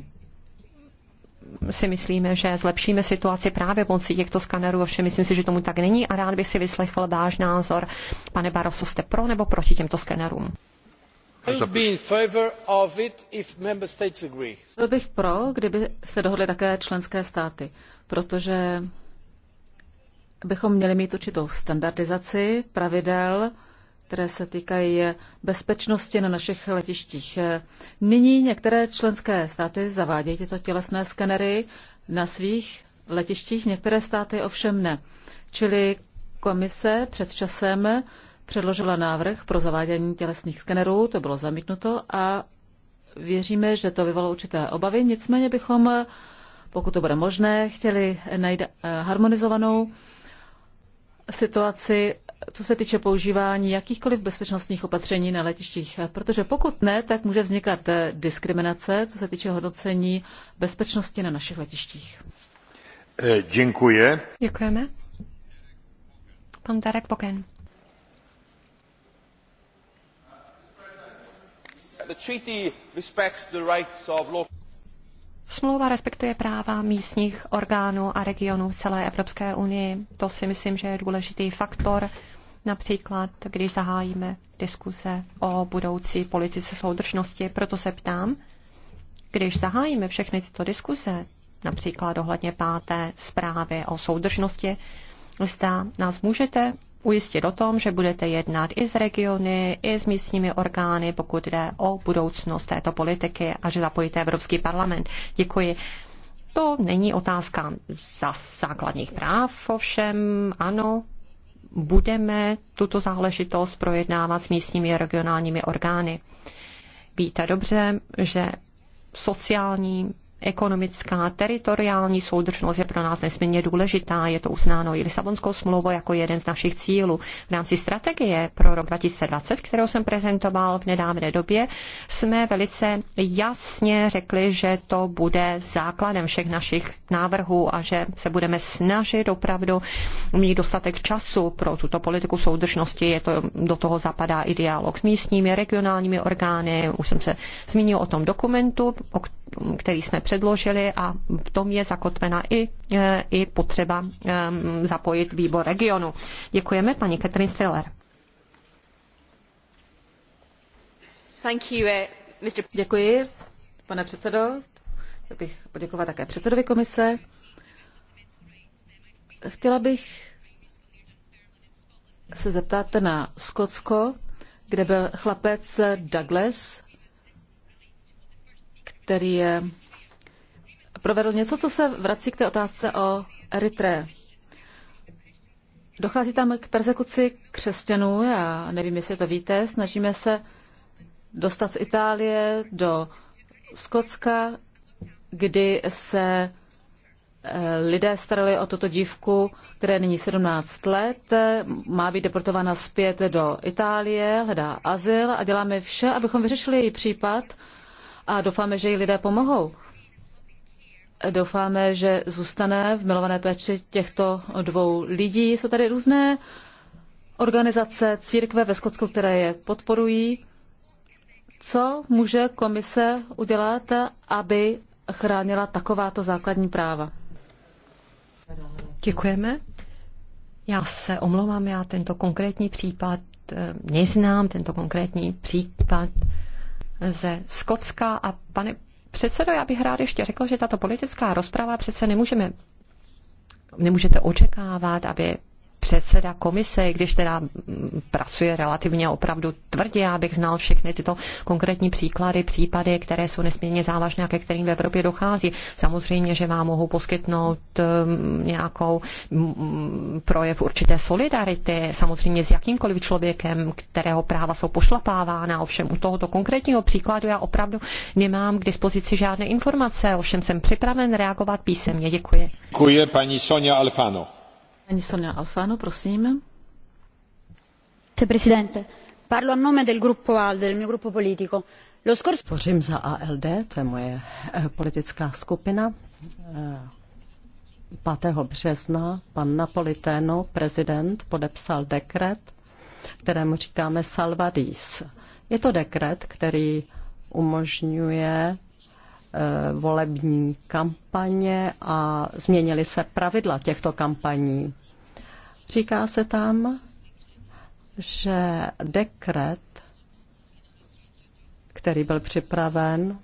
si myslíme, že zlepšíme situaci právě pomocí těchto skanerů, ovšem myslím si, že tomu tak není a rád bych si vyslechl váš názor. Pane Barroso, jste pro nebo proti těmto skanerům? Byl bych pro, kdyby se dohodly také členské státy, protože bychom měli mít určitou standardizaci pravidel, které se týkají bezpečnosti na našich letištích. Nyní některé členské státy zavádějí tyto tělesné skenery na svých letištích, některé státy ovšem ne. Čili komise před časem předložila návrh pro zavádění tělesných skenerů, to bylo zamítnuto a věříme, že to vyvolalo určité obavy, nicméně bychom, pokud to bude možné, chtěli najít eh, harmonizovanou situaci, co se týče používání jakýchkoliv bezpečnostních opatření na letištích. Protože pokud ne, tak může vznikat diskriminace, co se týče hodnocení bezpečnosti na našich letištích. Eh, děkuji. Děkujeme. Pan Darek Poken. The treaty respects the rights of local Smlouva respektuje práva místních orgánů a regionů celé Evropské unii. To si myslím, že je důležitý faktor, například když zahájíme diskuse o budoucí politice soudržnosti. Proto se ptám, když zahájíme všechny tyto diskuse, například ohledně páté zprávy o soudržnosti, zda nás můžete ujistit o tom, že budete jednat i s regiony, i s místními orgány, pokud jde o budoucnost této politiky a že zapojíte Evropský parlament. Děkuji. To není otázka za základních práv, ovšem ano, budeme tuto záležitost projednávat s místními regionálními orgány. Víte dobře, že sociální ekonomická, teritoriální soudržnost je pro nás nesmírně důležitá. Je to uznáno i Lisabonskou smlouvou jako jeden z našich cílů. V rámci strategie pro rok 2020, kterou jsem prezentoval v nedávné době, jsme velice jasně řekli, že to bude základem všech našich návrhů a že se budeme snažit opravdu mít dostatek času pro tuto politiku soudržnosti. Je to, do toho zapadá i dialog s místními, regionálními orgány. Už jsem se zmínil o tom dokumentu, o který jsme předložili a v tom je zakotvena i, e, i potřeba e, zapojit výbor regionu. Děkujeme paní Katrin Stiller. You, eh, Děkuji, pane předsedo. Já bych poděkovat také předsedovi komise. Chtěla bych se zeptat na Skotsko, kde byl chlapec Douglas který provedl něco, co se vrací k té otázce o Eritré. Dochází tam k persekuci křesťanů, já nevím, jestli to víte, snažíme se dostat z Itálie do Skotska, kdy se eh, lidé starali o tuto dívku, které nyní 17 let, má být deportována zpět do Itálie, hledá azyl a děláme vše, abychom vyřešili její případ a doufáme, že jí lidé pomohou. Doufáme, že zůstane v milované péči těchto dvou lidí. Jsou tady různé organizace, církve ve Skotsku, které je podporují. Co může komise udělat, aby chránila takováto základní práva? Děkujeme. Já se omlouvám, já tento konkrétní případ eh, neznám, tento konkrétní případ ze Skotska a pane předsedo, já bych rád ještě řekl, že tato politická rozprava přece nemůžeme nemůžete očekávat, aby předseda komise, když teda pracuje relativně opravdu tvrdě, abych znal všechny tyto konkrétní příklady, případy, které jsou nesmírně závažné a ke kterým v Evropě dochází. Samozřejmě, že vám mohou poskytnout um, nějakou mm, projev určité solidarity, samozřejmě s jakýmkoliv člověkem, kterého práva jsou pošlapávána. Ovšem u tohoto konkrétního příkladu já opravdu nemám k dispozici žádné informace, ovšem jsem připraven reagovat písemně. Děkuji. Děkuji paní Sonja Alfano. Paní Sonia Alfano, prosím. Presidente, parlo a nome del gruppo ALDE, del mio gruppo politico. Lo scorso... Tvořím za ALD, to je moje eh, politická skupina. 5. Eh, března pan Napolitano, prezident, podepsal dekret, kterému říkáme Salvadis. Je to dekret, který umožňuje Eh, volební kampaně a změnily se pravidla těchto kampaní. Říká se tam, že dekret, který byl připraven,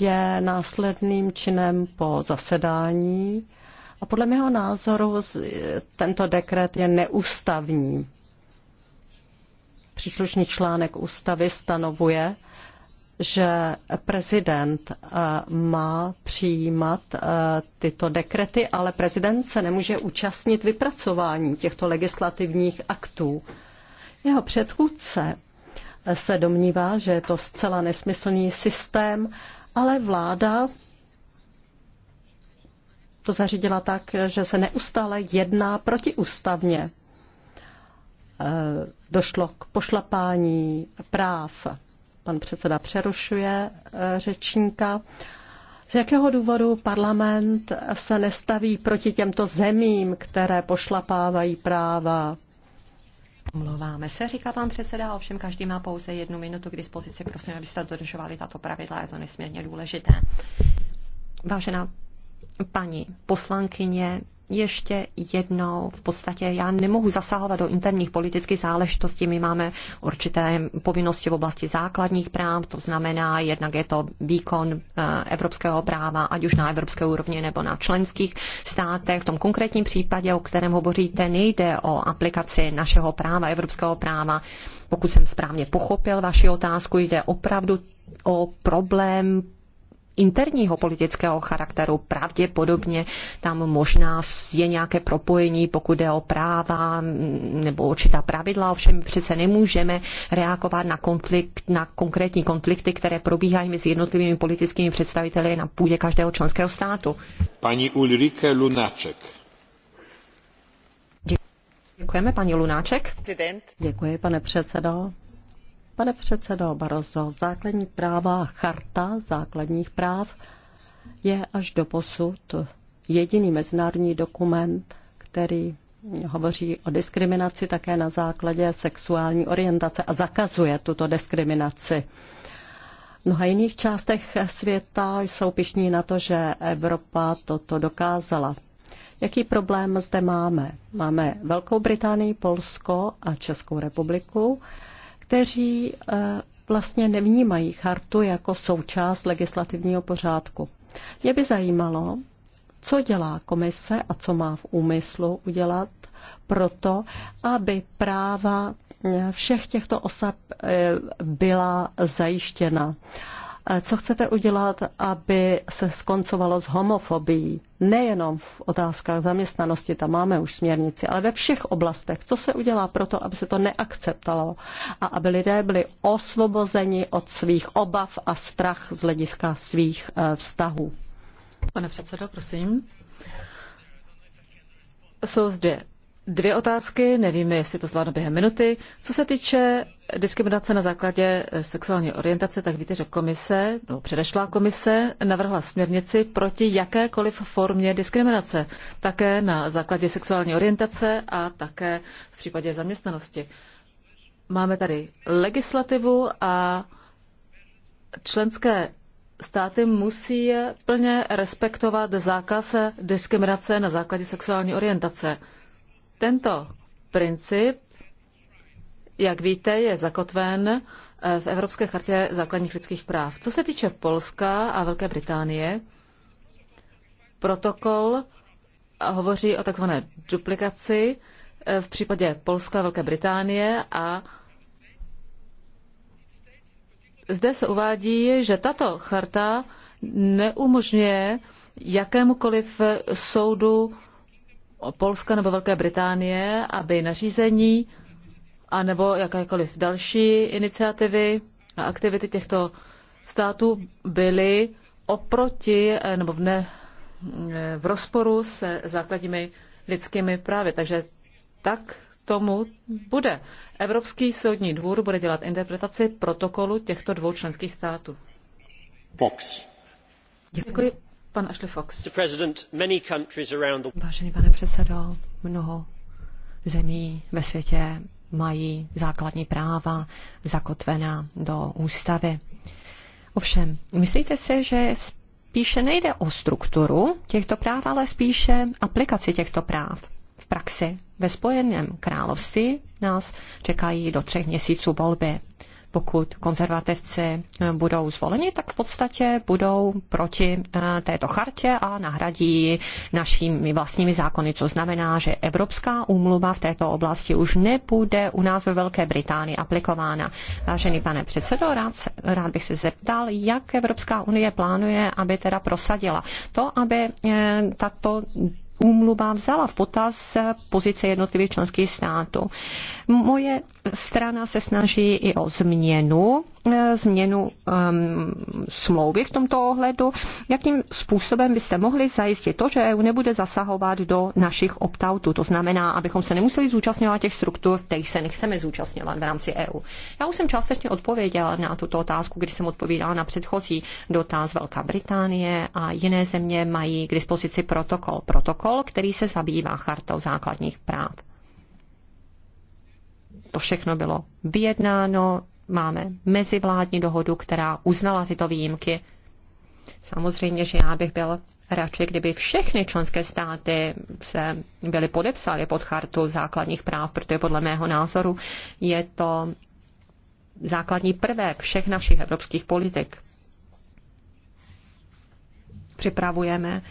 je následným činem po zasedání a podle mého názoru tento dekret je neústavní. Příslušný článek ústavy stanovuje, že prezident eh, má přijímat eh, tyto dekrety, ale prezident se nemůže účastnit vypracování těchto legislativních aktů. Jeho předchůdce eh, se domnívá, že je to zcela nesmyslný systém, ale vláda to zařídila tak, že se neustále jedná protiústavně. Došlo k pošlapání práv Pan předseda přerušuje e, řečníka. Z jakého důvodu parlament se nestaví proti těmto zemím, které pošlapávají práva? Mluváme se, říká pan předseda, ovšem každý má pouze jednu minutu k dispozici. Prosím, abyste dodržovali tato pravidla, je to nesmírně důležité. Vážená paní poslankyně, ještě jednou, v podstatě já nemohu zasahovat do interních politických záležitostí. My máme určité povinnosti v oblasti základních práv, to znamená, jednak je to výkon eh, evropského práva, ať už na evropské úrovni nebo na členských státech. V tom konkrétním případě, o kterém hovoříte, nejde o aplikaci našeho práva, evropského práva. Pokud jsem správně pochopil vaši otázku, jde opravdu o problém interního politického charakteru. Pravděpodobně tam možná je nějaké propojení, pokud jde o práva nebo určitá pravidla, ovšem přece nemůžeme reagovat na, konflikt, na konkrétní konflikty, které probíhají mezi jednotlivými politickými představiteli na půdě každého členského státu. Paní Ulrike Lunáček. Děkujeme, paní Lunáček. Děkuji, pane předsedo. Pane předsedo Barozo, základní práva, charta základních práv je až do posud jediný mezinárodní dokument, který hovoří o diskriminaci také na základě sexuální orientace a zakazuje tuto diskriminaci. V mnoha jiných částech světa jsou pišní na to, že Evropa toto dokázala. Jaký problém zde máme? Máme Velkou Británii, Polsko a Českou republiku, kteří eh, vlastně nevnímají chartu jako součást legislativního pořádku. Mě by zajímalo, co dělá komise a co má v úmyslu udělat proto, aby práva všech těchto osob eh, byla zajištěna Eh, co chcete udělat, aby se skoncovalo s homofobií? Nejenom v otázkách zaměstnanosti, tam máme už směrnici, ale ve všech oblastech. Co se udělá pro to, aby se to neakceptalo a aby lidé byli osvobozeni od svých obav a strach z hlediska svých eh, vztahů? Pane předsedo, prosím. Jsou zde dvě otázky, nevíme, jestli to zvládnu během minuty. Co se týče diskriminace na základě eh, sexuální orientace, tak víte, že komise, no předešlá komise, navrhla směrnici proti jakékoliv formě diskriminace, také na základě sexuální orientace a také v případě zaměstnanosti. Máme tady legislativu a členské státy musí plně respektovat zákaz diskriminace na základě sexuální orientace. Tento princip jak víte, je zakotven eh, v Evropské chartě základních lidských práv. Co se týče Polska a Velké Británie, protokol hovoří o takzvané duplikaci eh, v případě Polska a Velké Británie a zde se uvádí, že tato charta neumožňuje jakémukoliv soudu Polska nebo Velké Británie, aby nařízení a nebo jakékoliv další iniciativy a aktivity těchto států byly oproti eh, nebo v, ne, eh, v rozporu se základními lidskými právy. Takže tak tomu bude. Evropský soudní dvůr bude dělat interpretaci protokolu těchto dvou členských států. Fox. Děkuji. Pan Ashley Fox. Vážený pane předsedo, mnoho zemí ve světě mají základní práva zakotvená do ústavy. Ovšem, myslíte si, že spíše nejde o strukturu těchto práv, ale spíše aplikaci těchto práv v praxi? Ve Spojeném království nás čekají do třech měsíců volby pokud konzervativci eh, budou zvoleni, tak v podstatě budou proti eh, této chartě a nahradí našimi vlastními zákony, co znamená, že Evropská úmluva v této oblasti už nebude u nás ve Velké Británii aplikována. Vážený pane předsedo, rád, rád bych se zeptal, jak Evropská unie plánuje, aby teda prosadila to, aby eh, tato úmluva vzala v potaz pozice jednotlivých členských států. Moje strana se snaží i o změnu Eh, změnu um, smlouvy v tomto ohledu, jakým způsobem byste mohli zajistit to, že EU nebude zasahovat do našich optautů. To znamená, abychom se nemuseli zúčastňovat těch struktur, kterých se nechceme zúčastňovat v rámci EU. Já už jsem částečně odpověděla na tuto otázku, když jsem odpovídala na předchozí dotaz Velká Británie a jiné země mají k dispozici protokol. Protokol, který se zabývá chartou základních práv. To všechno bylo vyjednáno, Máme mezivládní dohodu, která uznala tyto výjimky. Samozřejmě, že já bych byl radši, kdyby všechny členské státy se byly podepsaly pod chartu základních práv, protože podle mého názoru je to základní prvek všech našich evropských politik. Připravujeme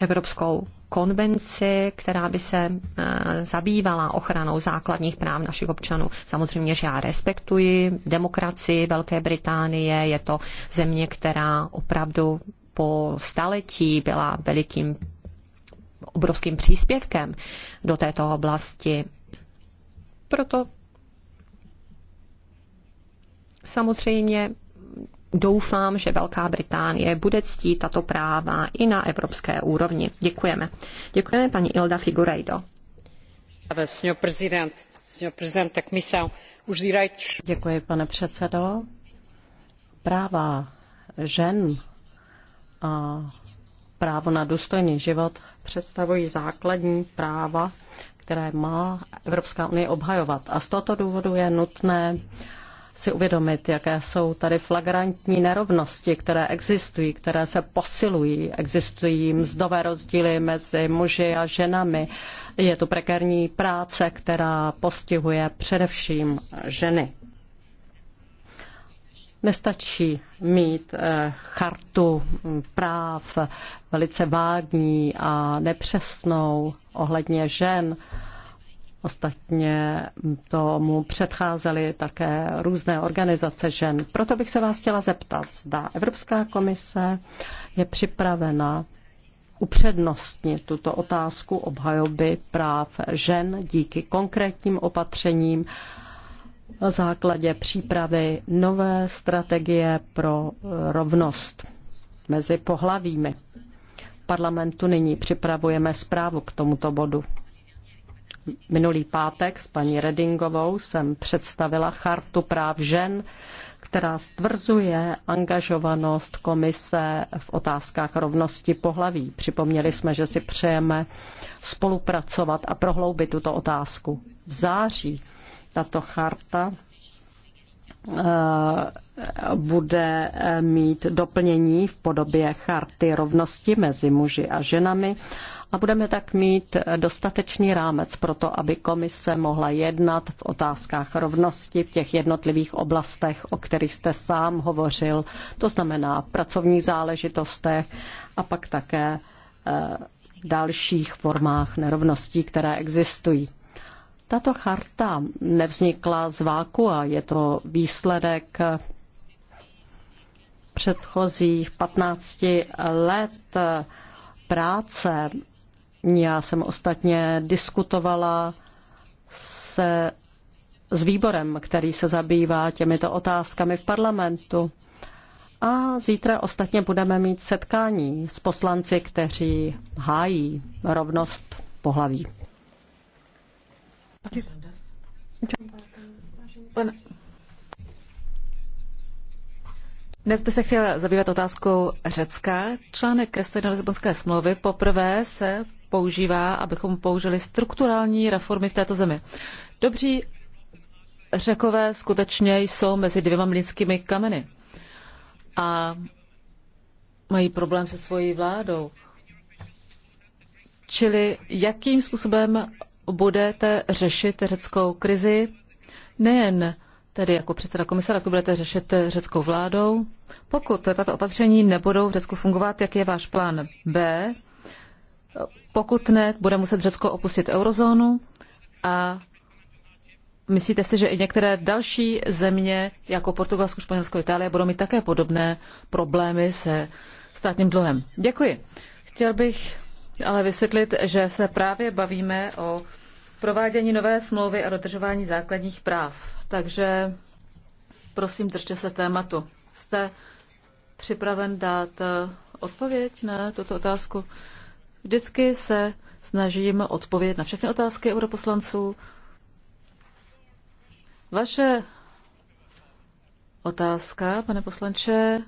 evropskou konvenci, která by se eh, zabývala ochranou základních práv našich občanů. Samozřejmě, že já respektuji demokracii Velké Británie, je to země, která opravdu po staletí byla velikým obrovským příspěvkem do této oblasti. Proto samozřejmě doufám, že Velká Británie bude ctít tato práva i na evropské úrovni. Děkujeme. Děkujeme paní Ilda Figueiredo. Děkuji, pane předsedo. Práva žen a právo na důstojný život představují základní práva, které má Evropská unie obhajovat. A z tohoto důvodu je nutné uh, si uvědomit, jaké jsou tady flagrantní nerovnosti, které existují, které se posilují. Existují mzdové rozdíly mezi muži a ženami. Je to prekární práce, která postihuje především ženy. Nestačí mít eh, chartu práv velice vágní a nepřesnou ohledně žen Ostatně tomu předcházely také různé organizace žen. Proto bych se vás chtěla zeptat, zda Evropská komise je připravena upřednostnit tuto otázku obhajoby práv žen díky konkrétním opatřením na základě přípravy nové strategie pro rovnost mezi pohlavími. Parlamentu nyní připravujeme zprávu k tomuto bodu. Minulý pátek s paní Redingovou jsem představila chartu práv žen, která stvrzuje angažovanost komise v otázkách rovnosti pohlaví. Připomněli jsme, že si přejeme spolupracovat a prohloubit tuto otázku. V září tato charta eh, bude eh, mít doplnění v podobě charty rovnosti mezi muži a ženami a budeme tak mít dostatečný rámec pro to, aby komise mohla jednat v otázkách rovnosti v těch jednotlivých oblastech, o kterých jste sám hovořil, to znamená pracovních záležitostech a pak také eh, dalších formách nerovností, které existují. Tato charta nevznikla z váku a je to výsledek předchozích 15 let práce já jsem ostatně diskutovala se s výborem, který se zabývá těmito otázkami v parlamentu. A zítra ostatně budeme mít setkání s poslanci, kteří hájí rovnost pohlaví. Dnes bych se chtěla zabývat otázkou Řecka. Článek 101 Lisabonské smlouvy poprvé se používá, abychom použili strukturální reformy v této zemi. Dobří řekové skutečně jsou mezi dvěma mlínskými kameny a mají problém se svojí vládou. Čili jakým způsobem budete řešit řeckou krizi, nejen tedy jako předseda komise, jak budete řešit řeckou vládou. Pokud tato opatření nebudou v Řecku fungovat, jak je váš plán B, pokud ne, bude muset Řecko opustit eurozónu a myslíte si, že i některé další země, jako Portugalsko, Španělsko, Itálie, budou mít také podobné problémy se státním dluhem? Děkuji. Chtěl bych ale vysvětlit, že se právě bavíme o provádění nové smlouvy a dodržování základních práv. Takže prosím, držte se tématu. Jste připraven dát eh, odpověď na tuto otázku? Vždycky se snažím odpovědět na všechny otázky europoslanců. Vaše otázka, pane poslanče,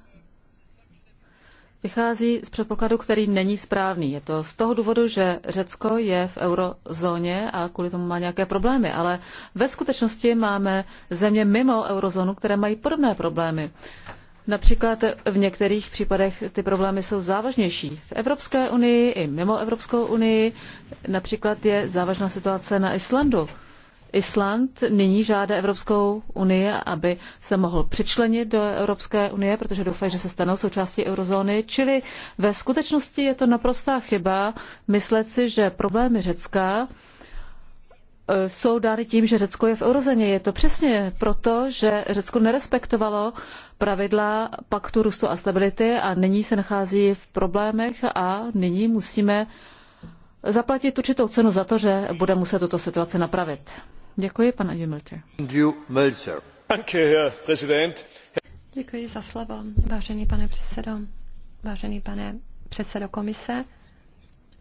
vychází z předpokladu, který není správný. Je to z toho důvodu, že Řecko je v eurozóně a kvůli tomu má nějaké problémy, ale ve skutečnosti máme země mimo eurozónu, které mají podobné problémy. Například v některých případech ty problémy jsou závažnější. V Evropské unii i mimo Evropskou unii například je závažná situace na Islandu. Island nyní žádá Evropskou unii, aby se mohl přičlenit do Evropské unie, protože doufají, že se stanou součástí eurozóny. Čili ve skutečnosti je to naprostá chyba myslet si, že problémy Řecka E, jsou dány tím, že Řecko je v eurozeně. Je to přesně proto, že Řecko nerespektovalo pravidla paktu růstu a stability a nyní se nachází v problémech a nyní musíme zaplatit určitou cenu za to, že bude muset tuto situaci napravit. Děkuji, pan Andrew Milcher. Děkuji za slovo, vážený pane předsedo, vážený pane předsedo komise.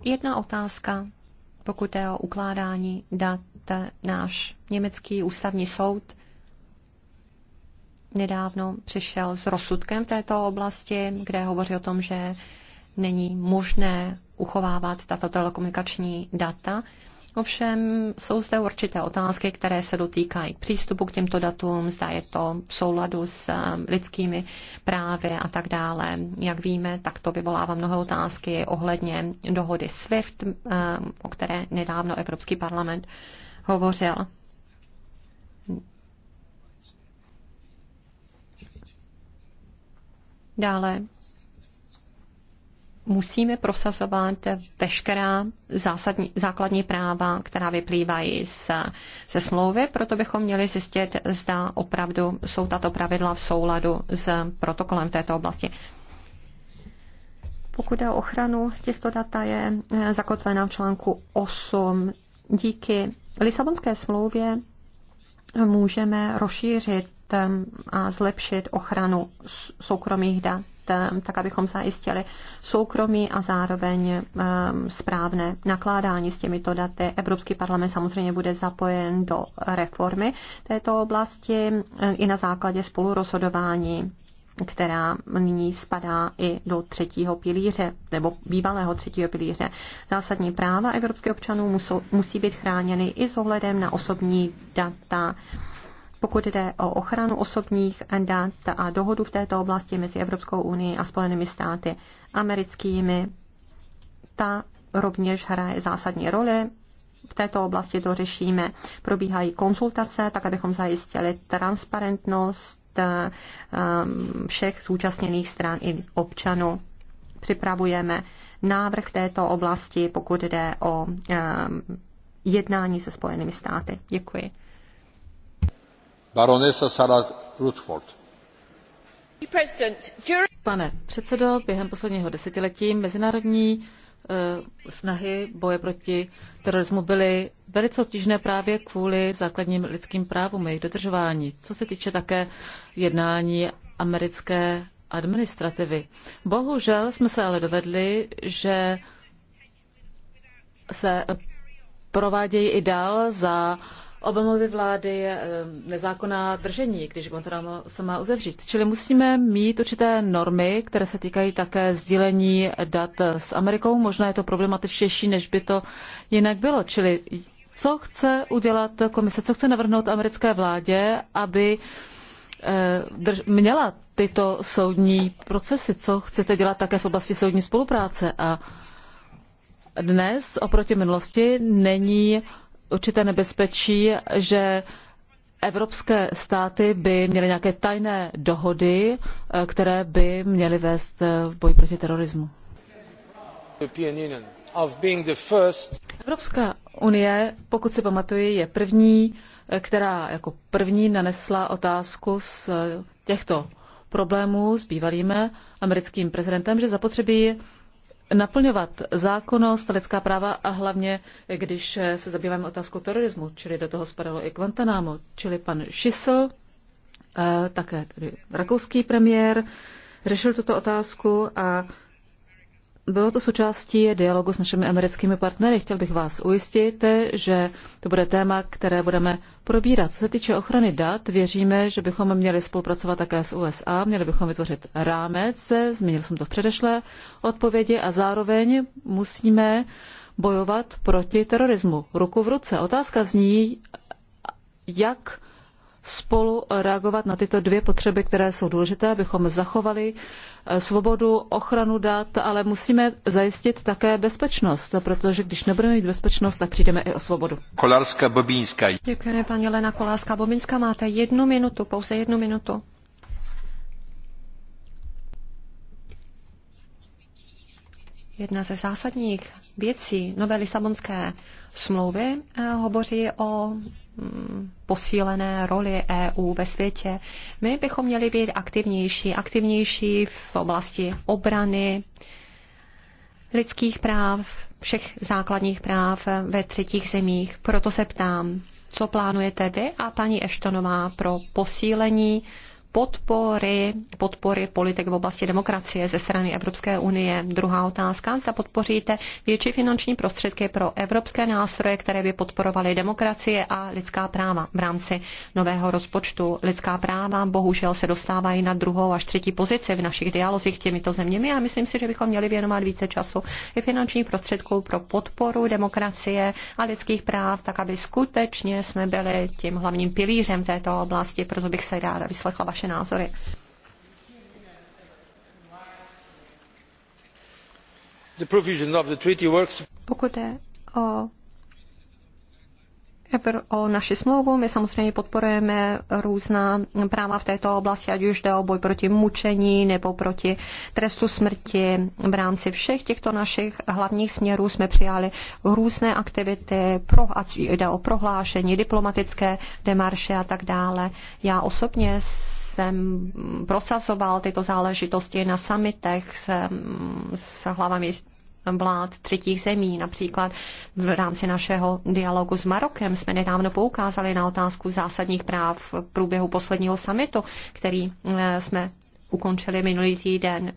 Jedna otázka pokud je o ukládání dat, náš německý ústavní soud nedávno přišel s rozsudkem v této oblasti, kde hovoří o tom, že není možné uchovávat tato telekomunikační data Ovšem jsou zde určité otázky, které se dotýkají přístupu k těmto datům, zda je to v souladu s eh, lidskými právy a tak dále. Jak víme, tak to vyvolává mnoho otázky ohledně dohody SWIFT, eh, o které nedávno Evropský parlament hovořil. Dále musíme prosazovat veškerá zásadní, základní práva, která vyplývají z, ze smlouvy, proto bychom měli zjistit, zda opravdu jsou tato pravidla v souladu s protokolem v této oblasti. Pokud je o ochranu těchto data, je eh, zakotvená v článku 8. Díky Lisabonské smlouvě můžeme rozšířit eh, a zlepšit ochranu soukromých dat tak abychom zajistili soukromí a zároveň ehm, správné nakládání s těmito daty. Evropský parlament samozřejmě bude zapojen do reformy této oblasti ehm, i na základě spolurozhodování která nyní spadá i do třetího pilíře, nebo bývalého třetího pilíře. Zásadní práva evropských občanů musou, musí být chráněny i s ohledem na osobní data pokud jde o ochranu osobních dat a dohodu v této oblasti mezi Evropskou unii a Spojenými státy americkými, ta rovněž hraje zásadní roli. V této oblasti to řešíme. Probíhají konzultace, tak abychom zajistili transparentnost eh, eh, všech zúčastněných stran i občanů. Připravujeme návrh v této oblasti, pokud jde o eh, jednání se Spojenými státy. Děkuji. Pane předsedo, během posledního desetiletí mezinárodní eh, snahy boje proti terorismu byly velice obtížné právě kvůli základním lidským právům, jejich dodržování. Co se týče také jednání americké administrativy. Bohužel jsme se ale dovedli, že se provádějí i dál za uh, Obamovy vlády eh, nezákonná držení, když Guantanamo se má uzavřít. Čili musíme mít určité normy, které se týkají také sdílení dat s Amerikou. Možná je to problematičtější, než by to jinak bylo. Čili co chce udělat komise, co chce navrhnout americké vládě, aby eh, měla tyto soudní procesy, co chcete dělat také v oblasti soudní spolupráce. A dnes oproti minulosti není určité nebezpečí, že evropské státy by měly nějaké tajné dohody, eh, které by měly vést v eh, boji proti terorismu. Evropská unie, pokud si pamatuji, je první, eh, která jako první nanesla otázku z těchto problémů s bývalým americkým prezidentem, že zapotřebí naplňovat zákonnost, lidská práva a hlavně, když se zabýváme otázkou terorismu, čili do toho spadalo i Guantanamo, čili pan Šisl, eh, také tedy rakouský premiér, řešil tuto otázku a bylo to součástí dialogu s našimi americkými partnery. Chtěl bych vás ujistit, že to bude téma, které budeme probírat. Co se týče ochrany dat, věříme, že bychom měli spolupracovat také s USA, měli bychom vytvořit rámec, zmínil jsem to v předešlé odpovědi, a zároveň musíme bojovat proti terorismu ruku v ruce. Otázka zní, jak spolu reagovat na tyto dvě potřeby, které jsou důležité, abychom zachovali eh, svobodu, ochranu dat, ale musíme zajistit také bezpečnost, protože když nebudeme mít bezpečnost, tak přijdeme i o svobodu. Kolárská Bobínská. Děkujeme, paní Lena Bobinská. Máte jednu minutu, pouze jednu minutu. Jedna ze zásadních věcí nové Lisabonské smlouvy eh, hovoří o Mm, posílené roli EU ve světě. My bychom měli být aktivnější, aktivnější v oblasti obrany, lidských práv, všech základních práv ve třetích zemích. Proto se ptám, co plánujete vy a paní Eštonová pro posílení podpory, podpory politik v oblasti demokracie ze strany Evropské unie. Druhá otázka, zda podpoříte větší finanční prostředky pro evropské nástroje, které by podporovaly demokracie a lidská práva v rámci nového rozpočtu. Lidská práva bohužel se dostávají na druhou až třetí pozici v našich dialozích těmito zeměmi a myslím si, že bychom měli věnovat více času i finančních prostředků pro podporu demokracie a lidských práv, tak aby skutečně jsme byli tím hlavním pilířem této oblasti. Proto bych se ráda vyslechla vaše vaše názory. Pokud je o o naši smlouvu. My samozřejmě podporujeme různá práva v této oblasti, ať už jde o boj proti mučení nebo proti trestu smrti. V rámci všech těchto našich hlavních směrů jsme přijali různé aktivity, pro, ať jde o prohlášení, diplomatické demarše a tak dále. Já osobně jsem prosazoval tyto záležitosti na samitech s, s hlavami vlád třetích zemí. Například v rámci našeho dialogu s Marokem jsme nedávno poukázali na otázku zásadních práv v průběhu posledního samitu, který eh, jsme ukončili minulý týden.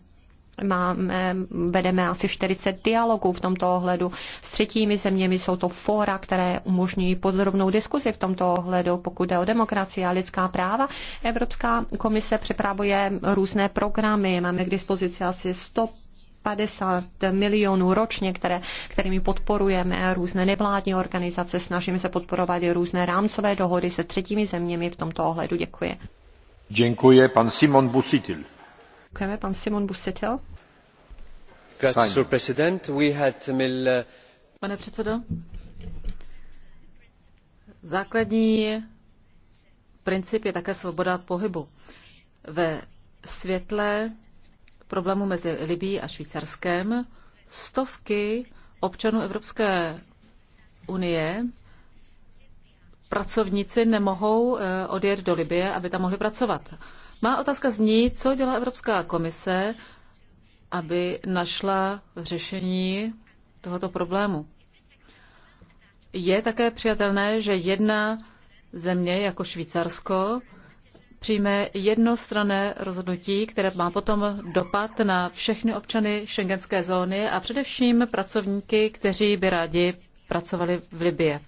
Máme, vedeme asi 40 dialogů v tomto ohledu. S třetími zeměmi jsou to fóra, které umožňují podrobnou diskuzi v tomto ohledu, pokud jde o demokracii a lidská práva. Evropská komise připravuje různé programy. Máme k dispozici asi 100 50 milionů ročně, které, kterými podporujeme různé nevládní organizace, snažíme se podporovat i různé rámcové dohody se třetími zeměmi v tomto ohledu. Děkuji. Děkuji, pan Simon Busitil. Děkujeme, pan Simon Busitil. Eh, Pane předsedo, základní princip je také svoboda pohybu. Ve světle Problému mezi Libí a Švýcarskem. Stovky občanů Evropské unie, pracovníci nemohou eh, odjet do Libie, aby tam mohli pracovat. Má otázka zní, co dělá Evropská komise, aby našla řešení tohoto problému. Je také přijatelné, že jedna země jako Švýcarsko přijme jednostrané rozhodnutí, které má potom dopad na všechny občany šengenské zóny a především pracovníky, kteří by rádi pracovali v Libii.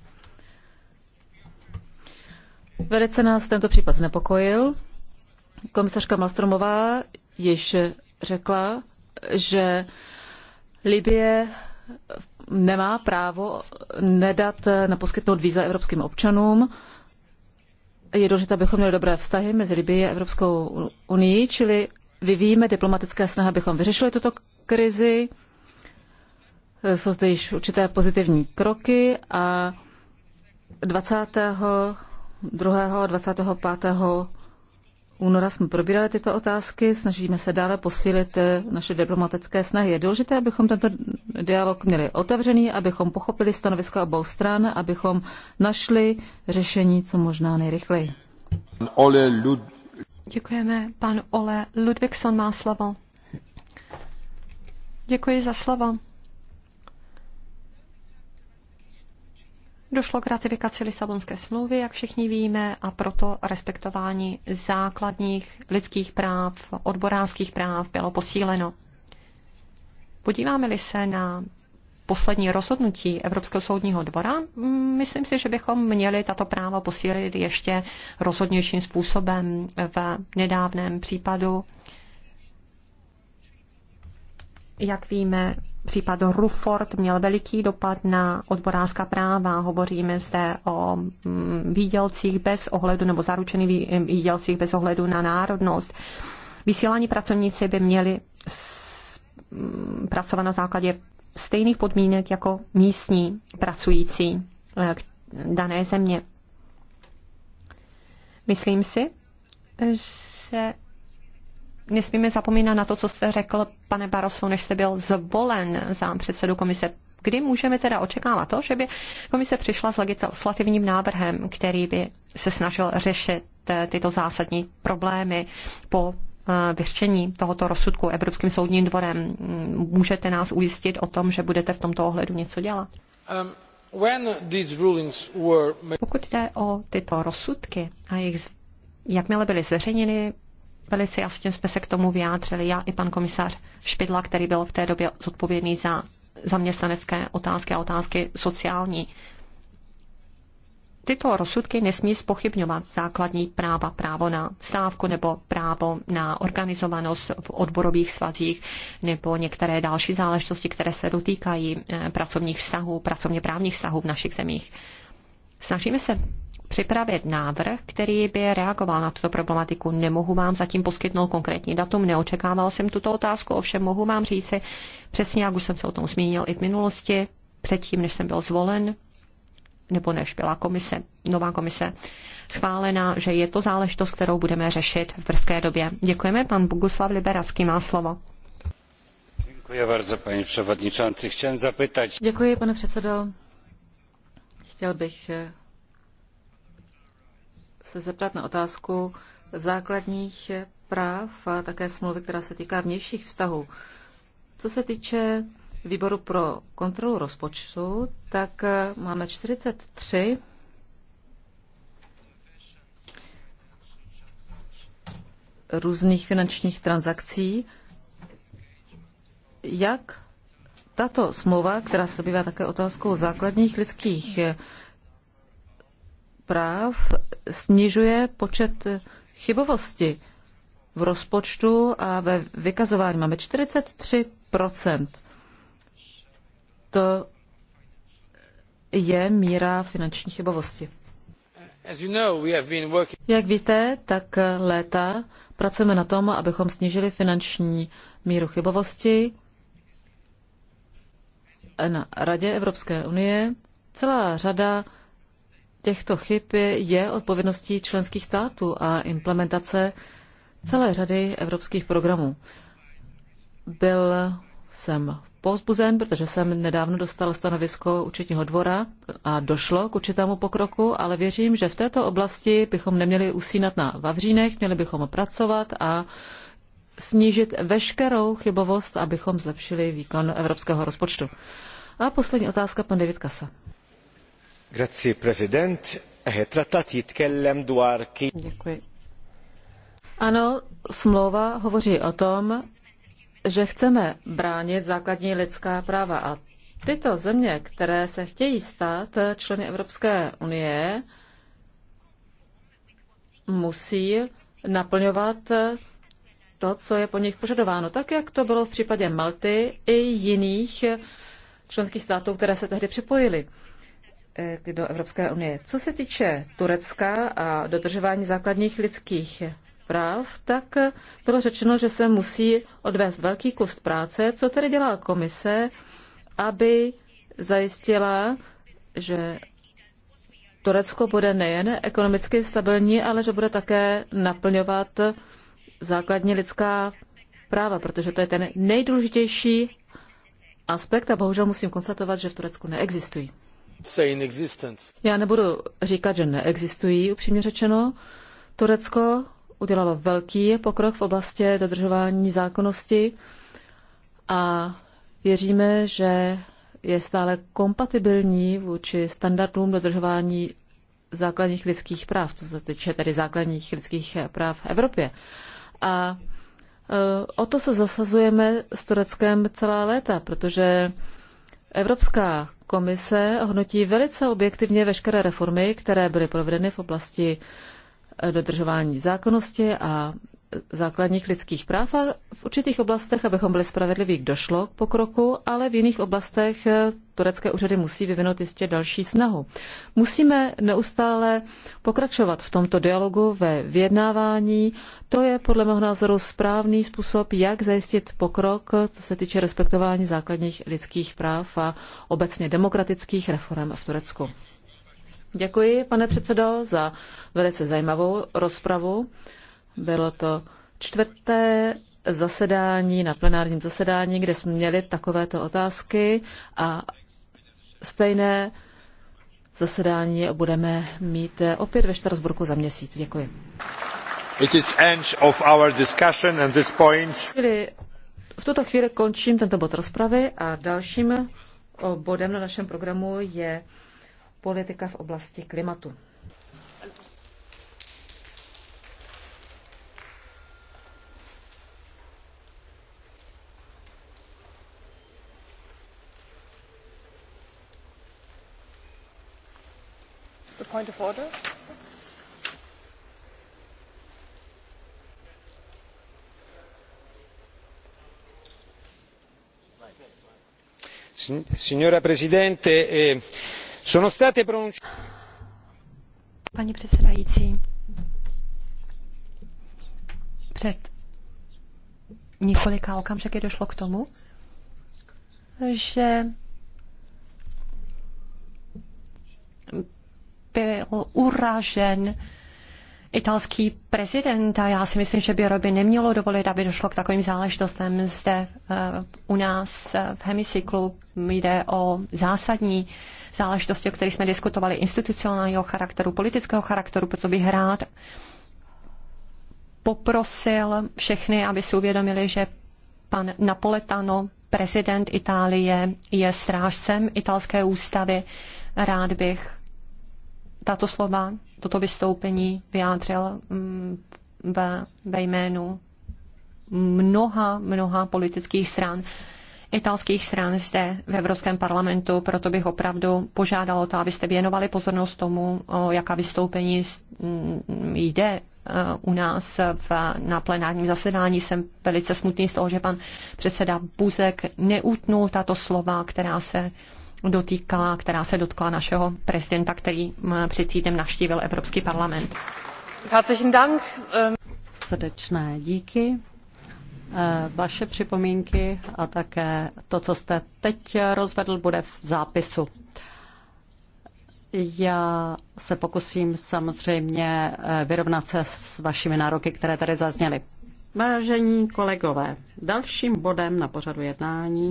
Velice nás tento případ znepokojil. Komisařka Malstromová již řekla, že Libie nemá právo nedat na poskytnout víza evropským občanům je důležité, abychom měli dobré vztahy mezi Libií a Evropskou unii, čili vyvíjíme diplomatické snahy, abychom vyřešili tuto krizi. Jsou zde již určité pozitivní kroky a 22. 25 února jsme probírali tyto otázky, snažíme se dále posílit eh, naše diplomatické snahy. Je důležité, abychom tento dialog měli otevřený, abychom pochopili stanoviska obou stran, abychom našli řešení co možná nejrychleji. Ole Lud... Děkujeme. Pan Ole Ludvíkson má slovo. Děkuji za slovo. Došlo k ratifikaci Lisabonské smlouvy, jak všichni víme, a proto respektování základních lidských práv, odborářských práv bylo posíleno. Podíváme-li se na poslední rozhodnutí Evropského soudního dvora, mm, myslím si, že bychom měli tato práva posílit ještě rozhodnějším způsobem v nedávném případu jak víme, případ Ruford měl veliký dopad na odborářská práva. Hovoříme zde o mm, výdělcích bez ohledu nebo zaručených mm, výdělcích bez ohledu na národnost. Vysílání pracovníci by měli mm, pracovat na základě stejných podmínek jako místní pracující eh, dané země. Myslím si, že nesmíme zapomínat na to, co jste řekl, pane Baroso, než jste byl zvolen za předsedu komise. Kdy můžeme teda očekávat to, že by komise přišla s legislativním návrhem, který by se snažil řešit eh, tyto zásadní problémy po eh, vyřčení tohoto rozsudku Evropským soudním dvorem. Mm, můžete nás ujistit o tom, že budete v tomto ohledu něco dělat? Um, were... Pokud jde o tyto rozsudky a jejich jakmile byly zveřejněny, velice jasně jsme se k tomu vyjádřili, já i pan komisař Špidla, který byl v té době zodpovědný za zaměstnanecké otázky a otázky sociální. Tyto rozsudky nesmí spochybňovat základní práva, právo na stávku nebo právo na organizovanost v odborových svazích nebo některé další záležitosti, které se dotýkají eh, pracovních vztahů, pracovně právních vztahů v našich zemích. Snažíme se připravit návrh, který by reagoval na tuto problematiku. Nemohu vám zatím poskytnout konkrétní datum, neočekával jsem tuto otázku, ovšem mohu vám říci, přesně jak už jsem se o tom zmínil i v minulosti, předtím, než jsem byl zvolen, nebo než byla komise, nová komise schválena, že je to záležitost, kterou budeme řešit v brzké době. Děkujeme, pan Boguslav Liberacký má slovo. Děkuji bardzo, paní předsedající. Chtěl zapytať... Děkuji, pane předsedo. Chtěl bych eh, se zeptat na otázku základních práv a také smlouvy, která se týká vnějších vztahů. Co se týče výboru pro kontrolu rozpočtu, tak máme 43 různých finančních transakcí. Jak tato smlouva, která se bývá také otázkou základních lidských zpráv snižuje počet chybovosti v rozpočtu a ve vykazování. Máme 43 To je míra finanční chybovosti. Jak víte, tak léta pracujeme na tom, abychom snížili finanční míru chybovosti na Radě Evropské unie. Celá řada těchto chyb je odpovědností členských států a implementace celé řady evropských programů. Byl jsem povzbuzen, protože jsem nedávno dostal stanovisko účetního dvora a došlo k určitému pokroku, ale věřím, že v této oblasti bychom neměli usínat na vavřínech, měli bychom pracovat a snížit veškerou chybovost, abychom zlepšili výkon evropského rozpočtu. A poslední otázka, pan David Kasa. Eh, ano, smlouva hovoří o tom, že chceme bránit základní lidská práva a tyto země, které se chtějí stát členy Evropské unie, musí naplňovat to, co je po nich požadováno, tak jak to bylo v případě Malty i jiných členských států, které se tehdy připojily. Eh, do Evropské unie. Co se týče Turecka a dodržování základních lidských práv, tak bylo řečeno, že se musí odvést velký kus práce. Co tedy dělá komise, aby zajistila, že Turecko bude nejen ekonomicky stabilní, ale že bude také naplňovat základní lidská práva, protože to je ten nejdůležitější aspekt a bohužel musím konstatovat, že v Turecku neexistují. Já nebudu říkat, že neexistují, upřímně řečeno. Turecko udělalo velký pokrok v oblasti dodržování zákonnosti a věříme, že je stále kompatibilní vůči standardům dodržování základních lidských práv, to se týče tedy základních lidských práv v Evropě. A e, o to se zasazujeme s Tureckem celá léta, protože Evropská komise hodnotí velice objektivně veškeré reformy, které byly provedeny v oblasti dodržování zákonnosti a základních lidských práv a v určitých oblastech, abychom byli spravedliví, došlo k pokroku, ale v jiných oblastech eh, turecké úřady musí vyvinout ještě další snahu. Musíme neustále pokračovat v tomto dialogu, ve vyjednávání. To je podle mého názoru správný způsob, jak zajistit pokrok, co se týče respektování základních lidských práv a obecně demokratických reform v Turecku. Děkuji, pane předsedo, za velice zajímavou rozpravu. Bylo to čtvrté zasedání na plenárním zasedání, kde jsme měli takovéto otázky a stejné zasedání budeme mít opět ve Štrasburku za měsíc. Děkuji. It is end of our discussion and this point. V tuto chvíli končím tento bod rozpravy a dalším bodem na našem programu je politika v oblasti klimatu. point of order? signora presidente eh, sono state pronunciate. předsedající před několika okamžiky došlo k tomu že byl uražen italský prezident a já si myslím, že by robi nemělo dovolit, aby došlo k takovým záležitostem zde eh, u nás eh, v hemicyklu. Jde o zásadní záležitosti, o kterých jsme diskutovali, institucionálního charakteru, politického charakteru, proto bych rád poprosil všechny, aby si uvědomili, že pan Napoletano, prezident Itálie, je strážcem italské ústavy. Rád bych tato slova, toto vystoupení vyjádřil mm, ve, ve jménu mnoha, mnoha politických stran, italských stran zde v Evropském parlamentu, proto bych opravdu požádala to, abyste věnovali pozornost tomu, o jaká vystoupení mm, jde e, u nás v, na plenárním zasedání. Jsem velice smutný z toho, že pan předseda Buzek neutnul tato slova, která se dotýkala, která se dotkla našeho prezidenta, který před týdnem navštívil Evropský parlament. Herzlichen Dank. Ähm, Srdečné díky. Äh, vaše připomínky a také to, co jste teď rozvedl, bude v zápisu. Já se pokusím samozřejmě äh, vyrovnat se s vašimi nároky, které tady zazněly. Vážení kolegové, dalším bodem na pořadu jednání